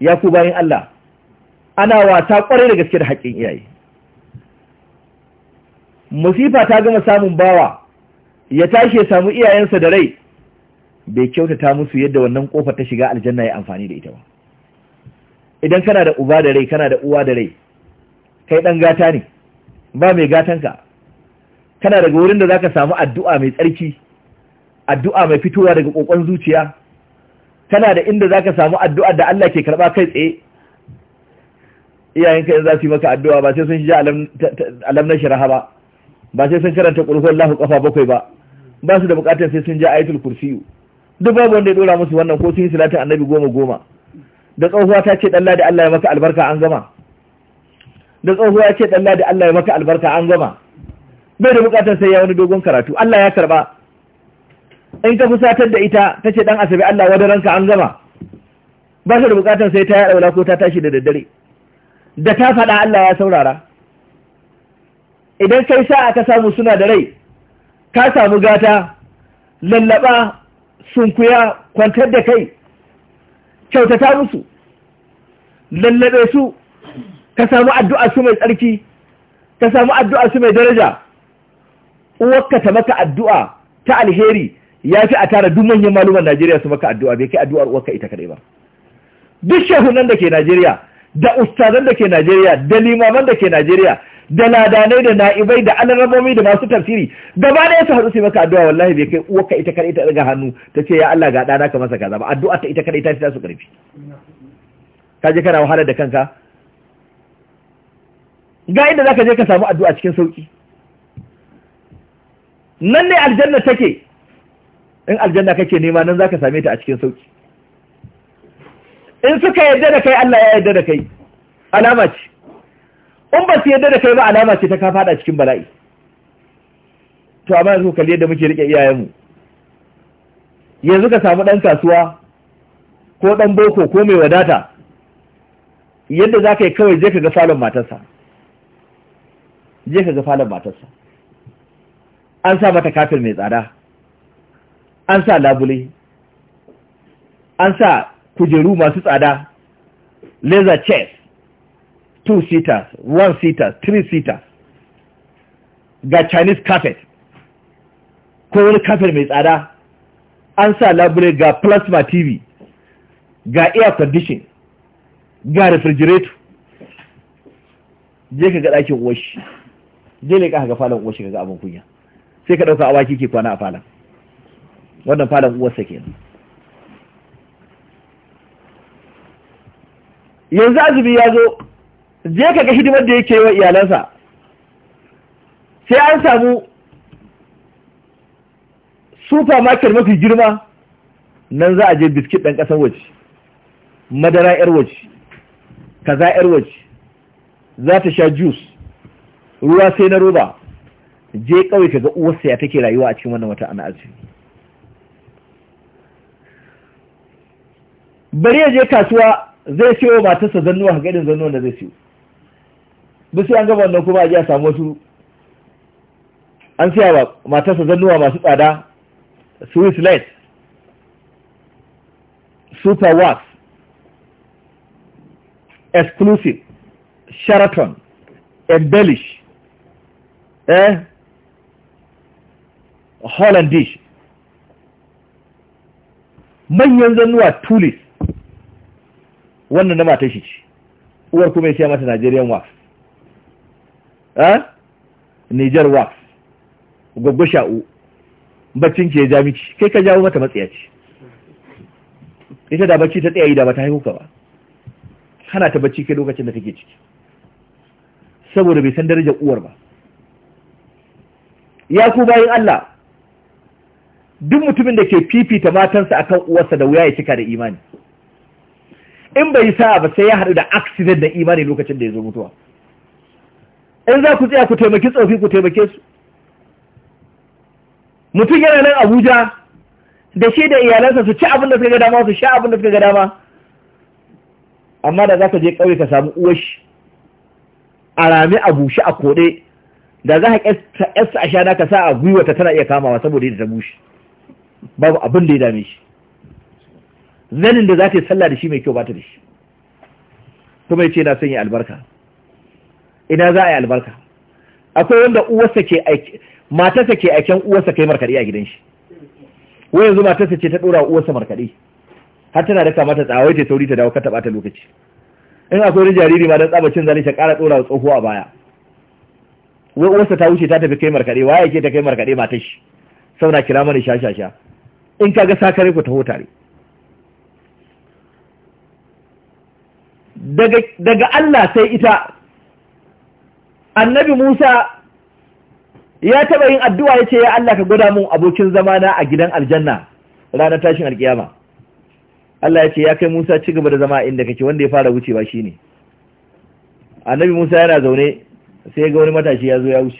ya ku bayin Allah ana wasa ƙwarai da gaske da haƙƙin iyaye musifa ta gama samun bawa ya tashi ya samu iyayensa da rai bai kyautata musu yadda wannan kofar ta shiga aljanna ya amfani da ita ba idan kana da uba da rai kana da uwa da rai kai dan gata ne ba mai gatanka kana daga wurin da zaka samu addu'a mai tsarki addu'a mai fitowa daga kokon zuciya kana da inda zaka samu addu'a da Allah ke karba kai tsaye iyayenka yanzu za su yi maka addu'a ba sai sun shi alam na shiraha ba ba sai sun karanta qul huwallahu qafa bakwai ba ba su da bukatar sai sun ja ayatul kursiyu duk babu wanda ya dora musu wannan ko sun yi salatin annabi goma goma da tsohuwa ta ce dalla da Allah ya maka albarka an gama da tsohuwa ya ce dalla da Allah ya maka albarka an gama bai da bukatar sai ya wani dogon karatu Allah ya karba in ka fusatar da ita ta ce dan asabi Allah wadaranka an gama ba su da bukatar sai ta yaɗa ko ta tashi da daddare da ta faɗa Allah ya saurara idan kai sa'a ka samu suna da rai ka samu gata lallaba sunkuya kwantar da kai kyautata musu lallabe su ka samu addu'a su mai tsarki ka samu addu'a su mai daraja uwarka ta maka addu'a ta alheri ya fi a tara duk manyan maluman Najeriya su maka addu'a bai kai addu'ar uwarka ita kaɗai ba duk shehunan da ke Najeriya da ustazan da ke Najeriya da limaman da ke Najeriya da ladanai da na'ibai da alarabomi da masu tafsiri gaba da su haɗu sai maka addu'a wallahi bai kai ka ita kadai ta daga hannu ta ce ya Allah ga ɗana ka masa kaza ba addu'a ta ita kadai ta ta su ƙarfi ka je kana wahala da kanka ga inda zaka je ka samu addu'a cikin sauki nan ne aljanna take in aljanna kake nema nan zaka same ta a cikin sauki in suka yarda da kai Allah ya yarda da kai alama ce in ba su yadda da kai ba alama ce ta kafa da cikin bala'i to amma yanzu kalli yadda muke rike iyayenmu yanzu ka samu ɗan kasuwa ko ɗan boko ko mai wadata yadda za ka yi kawai je ka ga falon matarsa je ka ga falon matarsa an sa mata kafin mai tsada an sa labule an sa kujeru masu tsada laser chest two seaters one seater three seaters ga chinese carpet ko wani carpet mai tsada an sa labule ga plasma tv ga air condition ga refrigerator je ka ga ɗakin washi je ne ka ga falon washi ga abin kunya sai ka ɗauka awaki ke kwana a falon wannan falon uwarsa ke yanzu azumi ya zo je ka ga hidimar da yake wa iyalansa sai an samu supermarket mafi girma nan za a je biskit ɗan ƙasar waje madara 'yar waje kaza 'yar waje za ta sha jus, ruwa sai na roba je kawai ka ga uwarsa ya take rayuwa a cikin wannan wata ana aji. bari ya je kasuwa zai siyo matarsa zannuwa ga irin zannuwa da zai siyo duk sai an gaba wannan kuma a ji a samu wasu an siya wa matarsa zannuwa masu tsada swiss light super wax exclusive sheraton embellish eh hollandish manyan zannuwa tulis wannan na matashi ci. uwar kuma ya siya mata nigerian wax Niger wax gwaggo sha'u baccin ke ja miki kai ka jawo mata matsaya ce ita da bacci ta tsaya yi da ba ta haihu ka ba hana ta bacci kai lokacin da take ciki saboda bai san darajar uwar ba ya ku bayan Allah duk mutumin da ke fifita matansa akan uwarsa da wuya ya cika da imani in bai sa ba sai ya haɗu da accident da imani lokacin da ya zo mutuwa in za ku tsaya ku taimaki tsofi ku taimake su mutum yana nan abuja da shi da iyalansa su ci abin da suka ga dama su sha abin da suka ga dama amma da za ka je ƙauye ka samu uwashi a rami a bushe a koɗe da za ka ƙasa a shana ka sa a gwiwata tana iya kamawa saboda yadda ta bushe babu abin da ya dame shi zanin da za ta yi sallah da shi mai kyau ba ta da shi kuma ya ce na son yi albarka ina za a yi albarka akwai wanda uwarsa ke aiki matarsa ke aiken uwarsa kai markaɗe a gidan shi wai yanzu matarsa ce ta ɗora uwarsa markaɗe har tana da kama mata tsawai ta sauri ta dawo ka taɓa ta lokaci in akwai wani jariri ma don tsaba cin ta ƙara ɗora wa tsoho a baya wai uwarsa ta wuce ta tafi kai markaɗe wa ke ta kai markaɗe matar shi sauna kira mana sha sha sha in ka ga sakare ku taho tare daga Allah sai ita annabi Musa ya taba yin addu'a ya ce ya Allah ka gwada mun abokin zamana a gidan aljanna ranar tashin alkiyama Allah ya ce ya kai Musa ci gaba da zama inda kake wanda ya fara wucewa ne.' annabi Musa yana zaune sai ga wani matashi ya zo ya wuce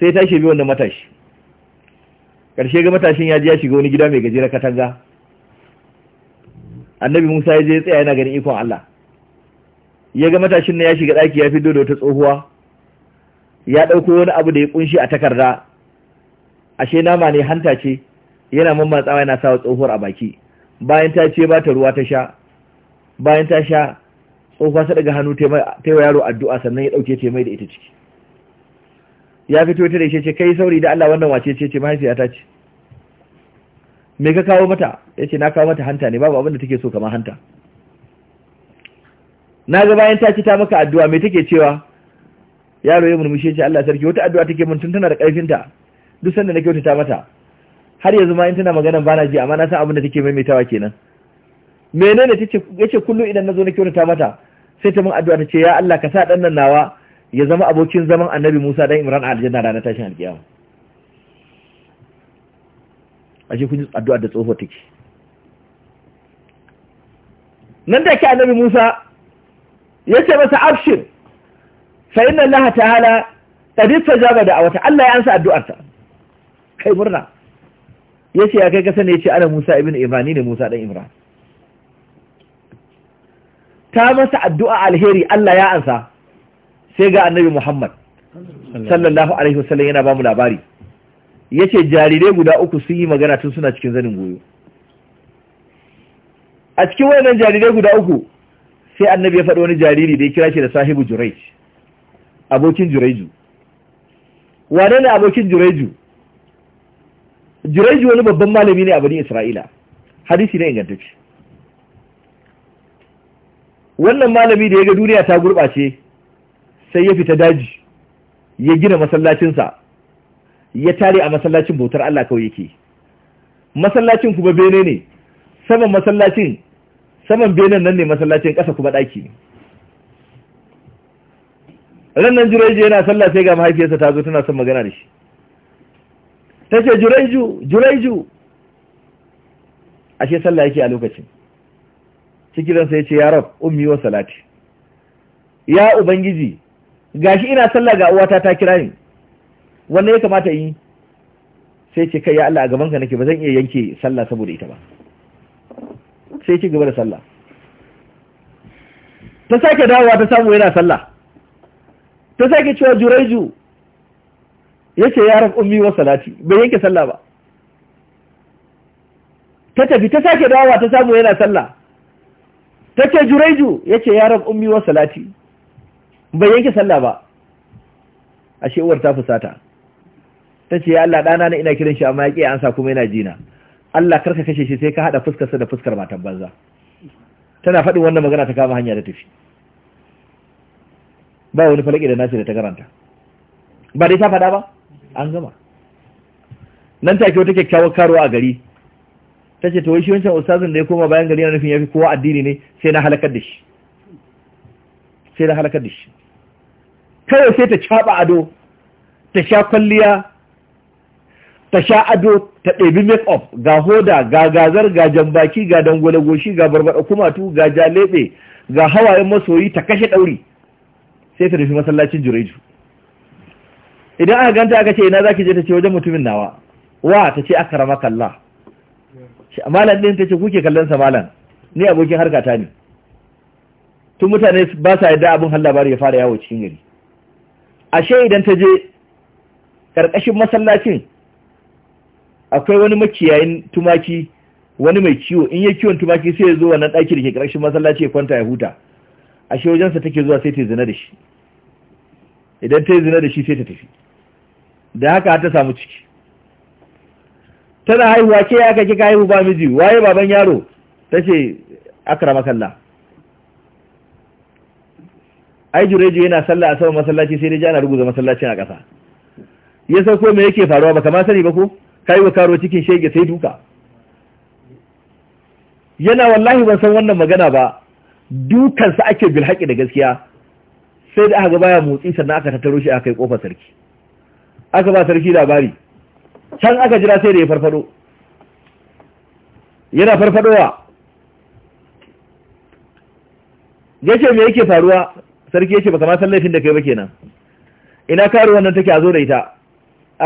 sai tashi biyu wanda matashi ƙarshe ga matashin ya ji ya shiga wani gida mai gajeren katanga annabi Musa ya je ya tsaya yana ganin ikon Allah ya ga matashin na ya shiga ɗaki ya fito da wata tsohuwa ya ɗauko wani abu da ya kunshi a takarda ashe nama ne hanta ce yana tsawa, yana sawa tsohuwar a baki bayan ta ce ba ta ruwa ta sha bayan ta sha tsohuwa ta daga hannu ta yi yaro addu'a sannan ya ɗauke taimai da ita ciki ya fito ta da ya ce kai sauri da Allah wannan wace ce ce mahaifiyata ce me ka kawo mata ya ce na kawo mata hanta ne babu abin da take so kama hanta na ga bayan ta ci ta maka addu'a me take cewa yaro ya murmushe ce Allah sarki wata addu'a take mun tuntuna tana da karfin ta duk sanda na kyautata mata har yanzu ma in tana magana bana ji amma na san abin da take maimaitawa kenan menene tace yace kullu idan nazo na kyautata mata sai ta mun addu'a ta ce ya Allah ka sa dan nan nawa ya zama abokin zaman Annabi Musa dan Imran a aljanna ranar tashin alkiyama ashe kun ji addu'a da tsofaffi take nan da ke Annabi Musa ya ce masa abshir sai inna Allah ta'ala qad istajaba wata Allah ya ansa addu'arta kai murna yace ya kai ka sani yace ana Musa ibn Ibrani ne Musa dan Ibrahim ta masa addu'a alheri Allah ya ansa sai ga Annabi Muhammad sallallahu alaihi wasallam yana ba mu labari yace jarirai guda uku sun yi magana tun suna cikin zanin goyo a cikin wayannan jarirai guda uku sai annabi ya faɗi wani jariri da ya kira shi da sahibu jurej abokin juraiju wane ne abokin juraiju juraiju wani babban malami ne a bani isra'ila hadisi ne ingantacce wannan malami da ya ga duniya ta gurɓace sai ya fita daji ya gina masallacinsa ya tare a masallacin bautar Allah kawai yake masallacin kuma bene ne saman masallacin saman benin nan ne masallacin ƙasa kuma ɗaki ne rannan jureji yana sallah sai ga mahaifiyarsa ta zo tana son magana da shi ta ce jureju jureju ashe sallah yake a lokacin cikin sai ce ya rab ummi wa salati ya ubangiji gashi ina sallah ga uwata ta kira ni wannan ya kamata yi sai ce kai ya Allah a gaban ka nake ba zan iya yanke sallah saboda ita ba sai ci gaba da sallah ta sake dawowa ta samu yana sallah ta sake cewa juraiju yace ya rab ummi wa salati bai yanke sallah ba ta tafi ta sake dawowa ta samu yana sallah ta ce juraiju yace ya rab ummi wa salati bai yanke sallah ba ashe uwar ta fusata ta ce ya Allah ɗana na ina kiran shi amma ya ƙi ansa kuma yana jina Allah karka kashe shi sai ka hada fuskarsa da fuskar matan banza tana faɗin wannan magana ta kama hanya da tafi ba wani falaƙi da nasi da ta garanta ba dai ta faɗa ba an gama nan ta kyau wata kyakkyawar karuwa a gari ta ce to shi wancan ustazin da ya koma bayan gari na nufin ya fi kowa addini ne sai na halakar da shi sai na halakar da shi kawai sai ta caɓa ado ta sha kwalliya ta sha ado ta ɗebi make-up ga hoda ga gazar ga jambaki ga dangwale goshi ga barbaɗa kumatu ga jalebe ga hawayen masoyi ta kashe ɗauri sai ta rufe masallacin jureju idan aka ganta aka ce ina za je ta ce wajen mutumin nawa wa ta ce aka rama kalla malam ɗin ta ce kuke kallon sa malam ni abokin ta ne tun mutane ba sa yadda abin halabari labari ya fara yawo cikin gari ashe idan ta je ƙarƙashin masallacin akwai wani makiyayin tumaki wani mai kiwo in ya kiwon tumaki sai ya zo wannan ɗaki da ke ƙarshen masallaci ya kwanta ya huta ashe wajensa take zuwa sai ta zina da shi idan ta zina da shi sai ta tafi da haka ta samu ciki tana haihuwa ke aka kika haihu ba miji waye baban yaro ta ce akrama kalla ai jureju yana sallah a saman masallaci sai dai jana ruguza masallacin a ƙasa ya sauko me yake faruwa ba kama sani ba ko kai wa karo cikin shege sai duka yana wallahi ban san wannan magana ba dukansa ake bil da gaskiya sai da aka ga baya motsi sannan aka tattaro shi aka yi kofar sarki aka ba sarki labari can aka jira sai da ya farfado yana farfadowa ya ce me yake faruwa sarki ya ce baka ma san laifin da kai ba kenan ina karuwan nan take a zo da ita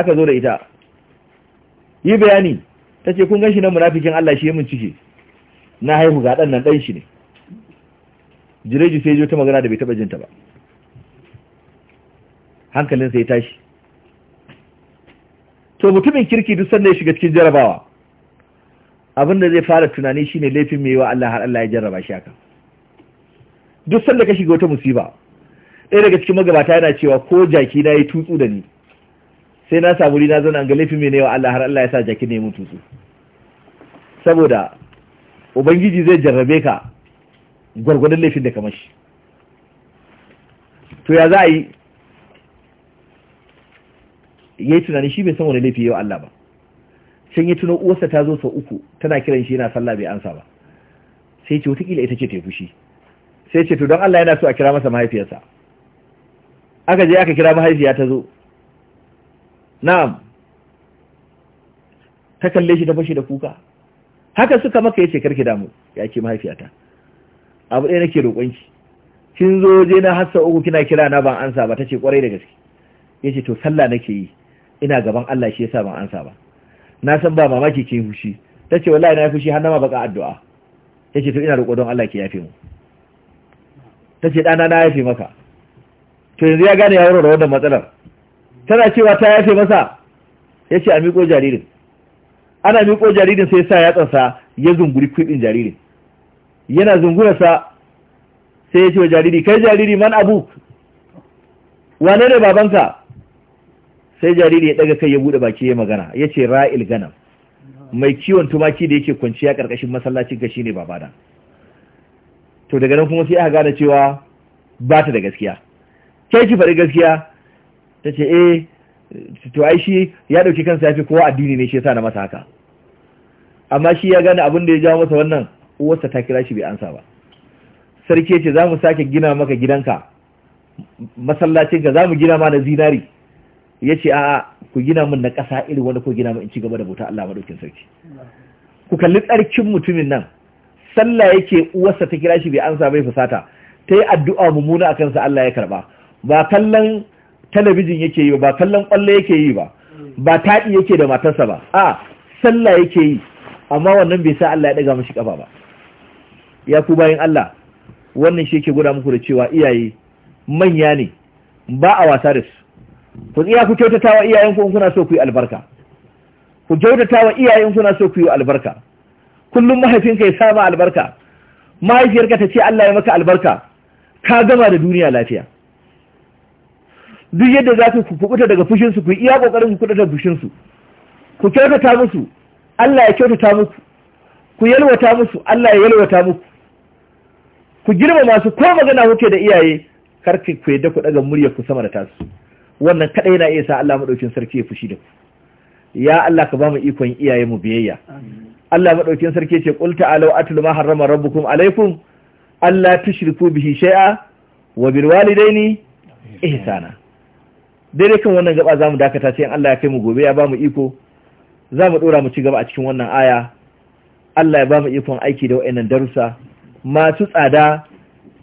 aka zo da ita yi bayani ta ce kun gan shi na munafikin Allah shi ya mun cike. na haihu ga ɗan nan ɗan shi ne jireji sai jo ta magana da bai taɓa jinta ba hankalinsa ya tashi to mutumin kirki duk sanda ya shiga cikin jarabawa abin da zai fara tunani shine laifin mai wa Allah har Allah ya jarraba shi haka duk sanda ka shiga wata musiba ɗaya daga cikin magabata yana cewa ko jaki na yi tutsu da ni sai na samu rina zauna ga laifin mai ne wa Allah har Allah ya sa jaki ne mutu su saboda ubangiji zai jarrabe ka gwargwadon laifin da ka mashi to ya za a yi ya yi tunani shi bai san wani laifi yau Allah ba can yi tuno uwarsa ta zo sau uku tana kiran shi yana sallah bai ansa ba sai ce watakila ita ce ta fushi sai ce to don Allah yana so a kira masa mahaifiyarsa aka je aka kira mahaifiya ta zo na'am ta kalle shi ta fashe da kuka haka suka maka yace karki damu ya ce mahaifiyata abu ɗaya nake roƙonki kin zo je na hassa uku kina kira na ban ansa ba tace kwarai da gaske yace to sallah nake yi ina gaban Allah shi yasa ban ansa ba na san ba mamaki ke fushi tace wallahi na fushi har na ma baka addu'a yace to ina roƙo don Allah ki yafe mu tace dana na yafe maka to yanzu ya gane ya da wannan matsalar tana cewa ta yafe masa ya ce a miƙo jaririn ana miƙo jaririn sai sa yatsansa ya zunguri kwiɓin jaririn yana zungurarsa sai ya ce wa jariri kai jariri man abu wane ne babanka sai jariri ya ɗaga kai ya buɗe baki ya magana ya ce ra'il Gana. mai kiwon tumaki da yake kwanciya ƙarƙashin masallacin ka shine babana to daga nan kuma sai aka gane cewa ba ta da gaskiya kai ki faɗi gaskiya ta ce e, to ai shi ya dauki kansa ya fi kowa addini ne shi yasa na masa haka amma shi ya gane abin da ya jawo masa wannan uwarsa ta kira shi bai ansa ba sarki ce za mu sake gina maka gidanka masallacinka za mu gina ma na zinari ya ce a'a ku gina min na ƙasa irin wanda ko gina min in ci gaba da bauta Allah madaukin sarki ku kalli tsarkin mutumin nan sallah yake uwarsa ta kira shi bai ansa bai fusata ta yi addu'a mummuna a kansa Allah ya karba ba kallon talabijin yake yi ba kallon kwallo yake yi ba ba taɗi yake da matarsa ba a sallah yake yi amma wannan bai sa Allah ya ɗaga mashi ƙafa ba ya ku bayan Allah wannan shi yake guda muku da cewa iyaye manya ne ba a wasa da su ku iya ku kyautata wa iyayen ku kuna so ku yi albarka ku kyautata wa iyayen kuna so ku yi albarka kullum mahaifinka ya saba albarka mahaifiyarka ta ce Allah ya maka albarka ka gama da duniya lafiya duk yadda za ku kubuta daga fushinsu ku iya kokarin ku kubuta fushinsu ku kyautata musu Allah ya kyautata muku ku yalwata musu Allah ya yalwata muku ku girma masu ko magana kuke da iyaye kar ku yadda ku daga murya ku sama da tasu wannan kaɗai yana iya sa Allah madaukin sarki ya fushi da ku ya Allah ka ba mu ikon iyaye mu biyayya Allah madaukin sarki ce qul ta'alu atul ma harrama rabbukum alaikum alla tushriku bihi shay'a wa bil walidaini ihsana daidai kan wannan gaba za mu dakata sai Allah ya kai mu gobe ya ba mu iko za mu ɗora mu ci gaba a cikin wannan aya Allah ya ba mu ikon aiki da wa'annan darussa masu tsada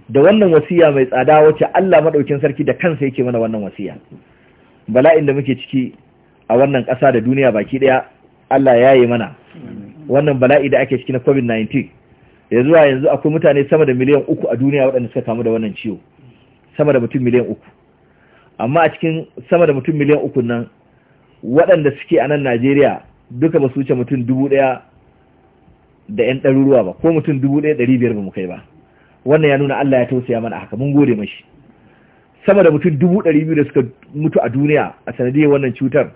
da wannan wasiya mai tsada wacce Allah madaukin sarki da kansa yake mana wannan wasiya bala'in da muke ciki a wannan ƙasa da duniya baki ɗaya Allah ya yi mana wannan bala'i da ake ciki na covid-19 ya zuwa yanzu akwai mutane sama da miliyan uku a duniya waɗanda suka kamu da wannan ciwo sama da mutum miliyan uku amma a cikin sama da mutum miliyan uku nan waɗanda suke a nan najeriya duka ba su wuce mutum dubu ɗaya da 'yan ɗaruruwa ba ko mutum dubu ɗaya ɗari biyar ba mu kai ba wannan ya nuna allah ya tausaya mana haka mun gode mashi sama da mutum dubu ɗari biyu da suka mutu a duniya a sanadiyar wannan cutar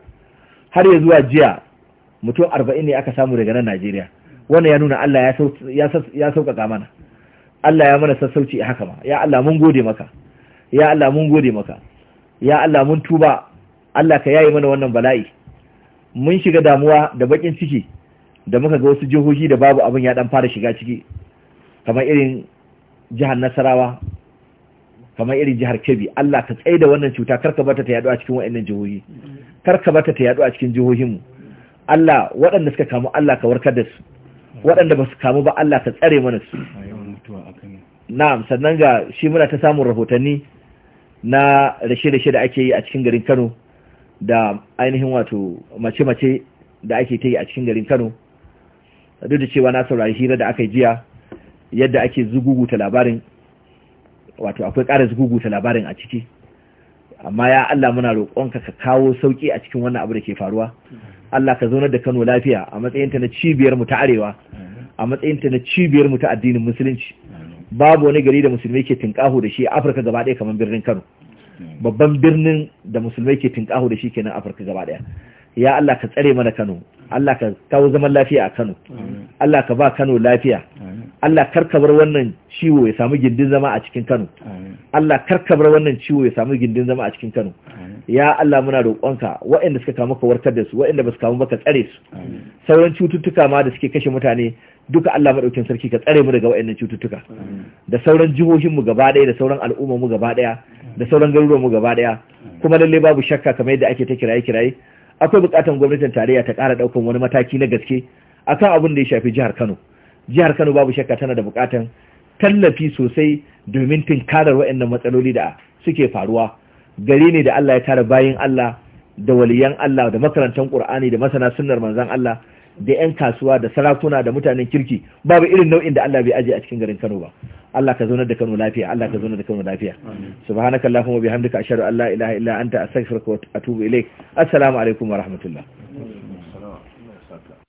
har ya zuwa jiya mutum arba'in ne aka samu daga nan najeriya wannan ya nuna allah ya sauƙaƙa mana allah ya mana sassauci haka ma ya allah mun gode maka ya allah mun gode maka ya Allah mun tuba Allah ka yayi mana wannan bala'i mun shiga damuwa da bakin ciki da muka ga wasu jihohi da babu abin ya dan fara shiga ciki kamar irin jihar Nasarawa kamar irin jihar Kebbi Allah ka tsaye da wannan cuta karka bata ta yaɗu a cikin wa'annan jihohi karka bata ta yaɗu a cikin jihohinmu Allah waɗanda suka kamu Allah ka warkar da su waɗanda ba su kamu ba Allah ka tsare mana su na'am sannan ga shi muna ta samun rahotanni na rashe-rashe da ake yi a cikin garin kano da ainihin wato mace-mace da ake ta yi a cikin garin kano duk da cewa na saurari hira da aka yi jiya yadda ake zuguguta labarin wato akwai ƙara ta labarin a ciki amma ya Allah muna roƙonka ka kawo sauƙi a cikin wannan abu da ke faruwa Allah ka zaunar da Kano lafiya a matsayinta na cibiyar ta arewa a matsayinta na cibiyarmu ta addinin musulunci babu wani gari da musulmai ke tinkaho da shi a afirka gaba ɗaya kamar birnin kano hmm. babban birnin da musulmai ke tinkahu da shi kenan afirka gaba ɗaya ya Allah ka tsare mana Kano Allah ka kawo zaman lafiya a Kano Allah ka ba Kano lafiya Allah karkabar bar wannan ciwo ya samu gindin zama a cikin Kano Allah karkabar bar wannan ciwo ya samu gindin zama a cikin Kano ya Allah muna roƙonka waɗanda suka kamu ka warkar da su waɗanda ba su kamu ba ka tsare su sauran cututtuka ma da suke kashe mutane duka Allah madaukin sarki ka tsare mu daga waɗannan cututtuka da sauran jihohin mu gaba ɗaya da sauran al'umma mu gaba ɗaya da sauran garuruwan mu gaba ɗaya kuma lalle babu shakka kamar yadda ake ta kiraye kiraye akwai bukatan gwamnatin tarayya ta ƙara daukan wani mataki na gaske a kan abin da ya shafi jihar Kano jihar Kano babu shakka tana da bukatan tallafi sosai domin tinkarar waɗannan matsaloli da suke faruwa gari ne da Allah ya tara bayin Allah da waliyan Allah da makarantar Qur'ani da masana sunnar manzon Allah da 'yan kasuwa da sarakuna da mutanen kirki babu irin nau'in da Allah bai aje a cikin garin Kano ba Allah ka zauna da Kano lafiya Allah ka zauna da Kano lafiya subhanaka allahumma bihamdika ashhadu an la ilaha illa anta astaghfiruka wa atubu ilaik assalamu alaikum wa rahmatullah